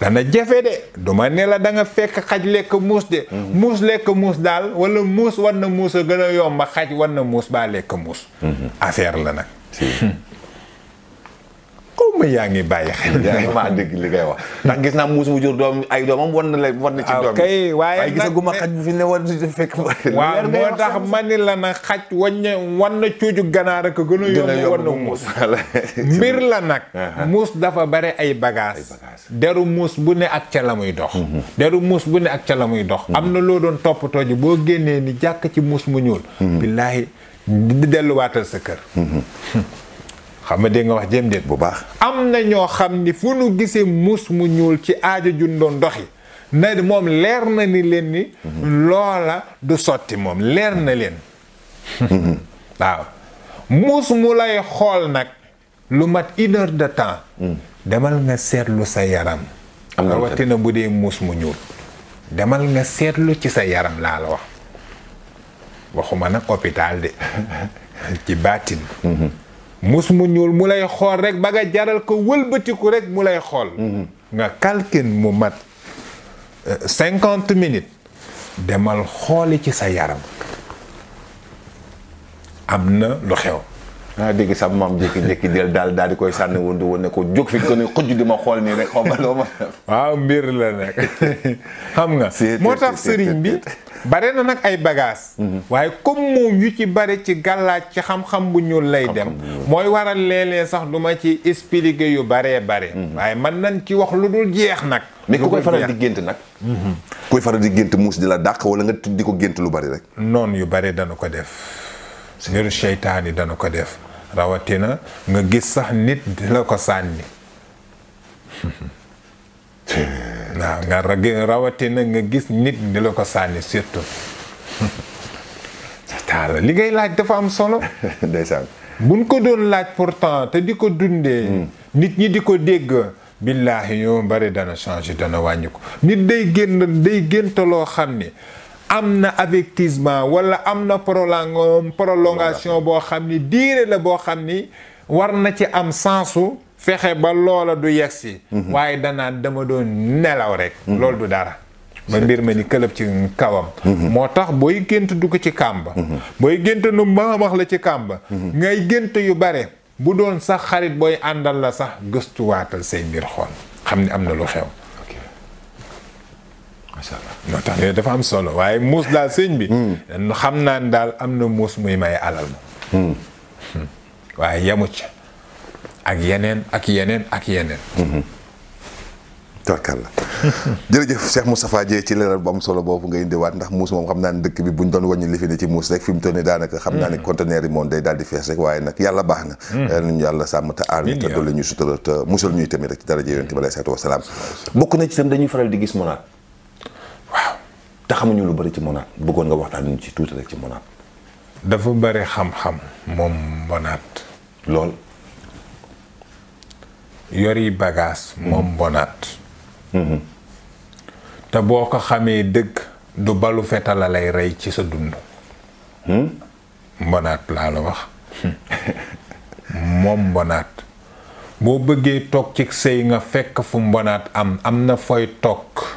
dana jafe de duma ne la da nga fekk xaj lekk muus de muus lekk muus daal wala muus war na muus a gën a yomb xaj war na muus baa lekk muus mhm. affaire la nag [LAUGHS] ma yaa ngi bàyyi xel [LAUGHS] maa dégg li ngay wax ndax gis naa muus mu jur doom ay doomam war na la war ci ah, doom kay waaye gisaguma xaj bu fi ne war fekk [LAUGHS] waaw moo tax ma la na xaj waññe wan na cuuju ganaar ak gën a yomb war na muus [LAUGHS] mbir la nag muus dafa bare ay bagage deru muus bu ne ak ca la muy dox mhm. deru muus bu ne ak ca la muy dox mhm. am na loo doon toppatoo ji boo génnee ni jàkk ci muus mu ñuul mhm. billaahi delluwaatal sa kër xam nga dégg nga wax jéem déet bu baax am na ñoo xam ni fu nu gisee muus mu ñuul ci aajo jun ndox doxi na moom leer na ni leen ni loola du sotti moom leer na leen [LAUGHS] waaw muus mu lay xool nag lu mat une de temps mm. demal nga seetlu sa yaram rawatina bu dee muus mu ñuul demal nga seetlu ci sa yaram laa la wax waxuma nag hôpital de [LAUGHS] ci baatin mm-hmm. mus mu ñuul mu lay xool rek ba nga jaral ko wëlbatiku rek mu lay xool mhm. nga kalkin mu mat euh, cinquante minutes demal xooli ci sa yaram am na lu xew ah dégg sa maam jékki-jékki jël daal daal di koy sànni wundu woon ne ko jóg fi ko ne xujj di ma xool nii rek xaw ma loo ma. waaw mbir la nag [LAUGHS] xam nga. moo tax sëriñ bi bare na nag ay bagaas mm-hmm. waaye comme moom yu ci bare ci gàllaaj ci xam-xam bu ñuul lay dem. mooy waral léeg sax du ma ci expliquer yu baree bare. Mm-hmm. waaye man nañ ci wax lu dul jeex nag. mais ko koy faral di gént nag. Mm-hmm. kuy faral di gént muus di la dàq wala nga di ko gént lu bari rek. noon yu bare dana ko def. mbiru seytaan yi dana ko def rawatina nga gis sax nit di la ko sànni [LAUGHS] waaw nga nga gis nit di ko sànni surtout [LAUGHS] taala li ngay laaj dafa am solo [LAUGHS] ndeysaan buñ ko doon laaj pourtant te di ko dundee hmm. nit ñi di ko dégg billaahi ñoo bari dana changé dana wàññi ko nit day génn day géntaloo xam ni am na avertissement wala am na prolong prolongation boo xam ni diire la boo xam ni war na ci am sensu fexe ba loola du yegsi mhm. waaye danaan dama doon nelaw rek mhm. loolu du dara ba mbir ma ni këlëb ci kawam mhm. moo tax booy gént du ci kàmba booy gént nu maamax la ci kàmba ngay gént yu bare bu doon sax xarit booy àndal la sax gëstuwaatal say mbir xool xam ni am na lu xew macha allah non tax dafa am solo waaye muus daal sëñ bi. Hmm. xam naa ne daal am na muus muy may alal moom. Hmm. Hmm. waaye yemu ci ak yeneen ak yeneen ak yeneen. tarkalla [LAUGHS] jërëjëf Cheikh Moustapha Dieye xam naa ne dëkk bi buñ doon wàññi li fi ne ci muus rek fi mu toll nii daanaka xam naa ne conteneur yi na nañu ñu musal ñuy tamit rek ci daraja yonent bi bokk na ci tam dañuy faral di gis monaat xamuñu lu bari ci Monate bëggoon nga waxtaan ñu ci tuuti rek ci Monate. dafa bari xam-xam moom Monate. lool. yori bagage. moom mm-hmm. Monate. Mm-hmm. te boo ko xamee dëgg du balu feta rey ci sa dund. Hmm? Monate laa la wax. [LAUGHS] moom Monate. boo bëggee toog ci sëy nga fekk fu Monate am am na fooy toog.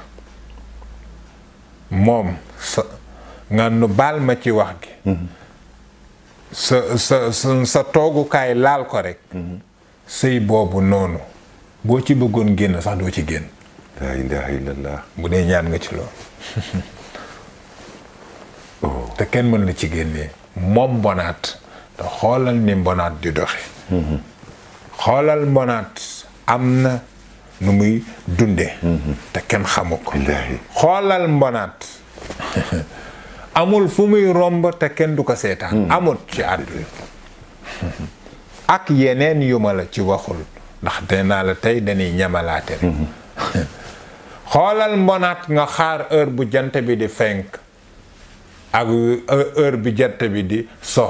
moom sa nga nu baal ma ci wax gi mm-hmm. sa sa sa toogukaay laal ko rek mm-hmm. sëy boobu noonu boo ci bëggoon génn sax doo ci génn laa ilaha illallah bu dee ñaan nga ci loolu [LAUGHS] oh. te kenn mën la ci génnee moom mbonaat te xoolal ni mbonaat di doxe mm-hmm. xoolal mbonaat am na nu muy dunde mm-hmm. te kenn xamu xoolal mbonaat [LAUGHS] amul fu muy romb te kenn du ko seetaan mm-hmm. amut ci àdduna [LAUGHS] ak yeneen yu ma ci waxul ndax de naa la tey dañuy ñamalaate rek mm-hmm. [LAUGHS] xoolal mbonaat nga xaar heure bu jant bi di fenk ak heure bi jant bi di so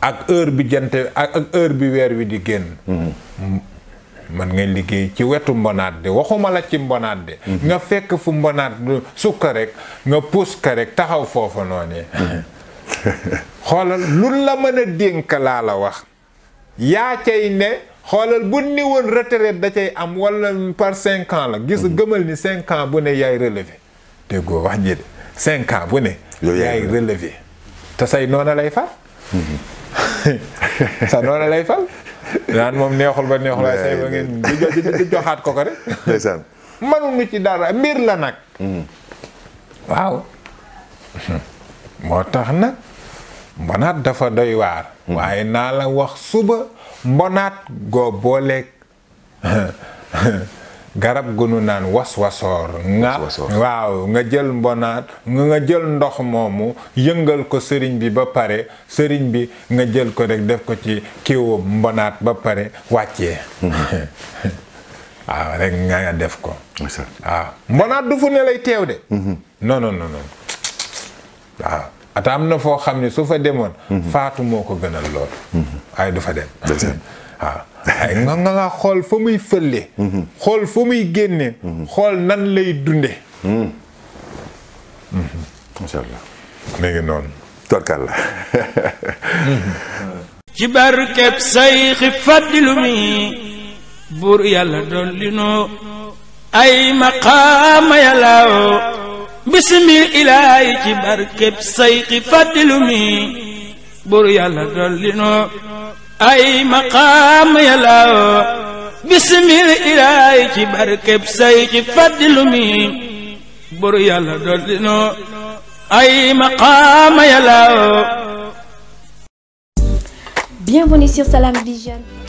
ak heure bi jant ak heure bi weer wi di génn man nga liggéey ci wetu mbonaat de waxuma la ci mbonaat de mhm. nga fekk fu mbonaat du sukka rek nga puus ka rek taxaw foofa noonee mhm. [LAUGHS] xoolal lu la mën a dénk laa la wax yaa cay ne xoolal bu ni woon retraite da cay am wala par cinq ans la gis mhm. gëmal ni cinq ans bu ne yaay relevé déggoo wax ji de cinq ans bu ne yaay relevé te say noona lay fal [LAUGHS] sa noona lay fal naan moom neexul ba neexul waaye ba ngeen di joxaat ko ko rek ndeysaan mënuñu ci dara mbir la nag mm. waaw moo tax na mbonaat dafa doy waar mm. waaye naa la wax suba mbonaat goo booleeg [LAUGHS] garab gu nu naan waswasoor nga waaw nga jël mbonaat nga jël ndox moomu yëngal ko sëriñ bi ba pare sëriñ bi nga jël ko rek def ko ci kiwu mbonaat ba pare wàccee mm-hmm. [LAUGHS] waaw rek nga def ko waaw mbonaat du fu ne lay teew de non mm-hmm. non waaw ata am na foo xam ne su fa demoon mm-hmm. faatu moo ko gënal lool waaye du fa dem [LAUGHS] waaw nga nga nga xool fa muy fële. Mm-hmm. xool fa muy génne. Mm-hmm. xool nan lay dunde mm-hmm. macha allah. mi noonu. torkal la. ci barkeb say xi fàddilu buur yàlla dolli noo ay maqaama yàllaawo bisimil ilaahi ci barkeb say xi fàddilu buur yàlla dolli noo ay maqaam yàllaw bisimil ilaay ci barkeb say ci fàddilu mi bur yàlla dollinu ay maqaam yàllaw Bienvenue sur Salam Vision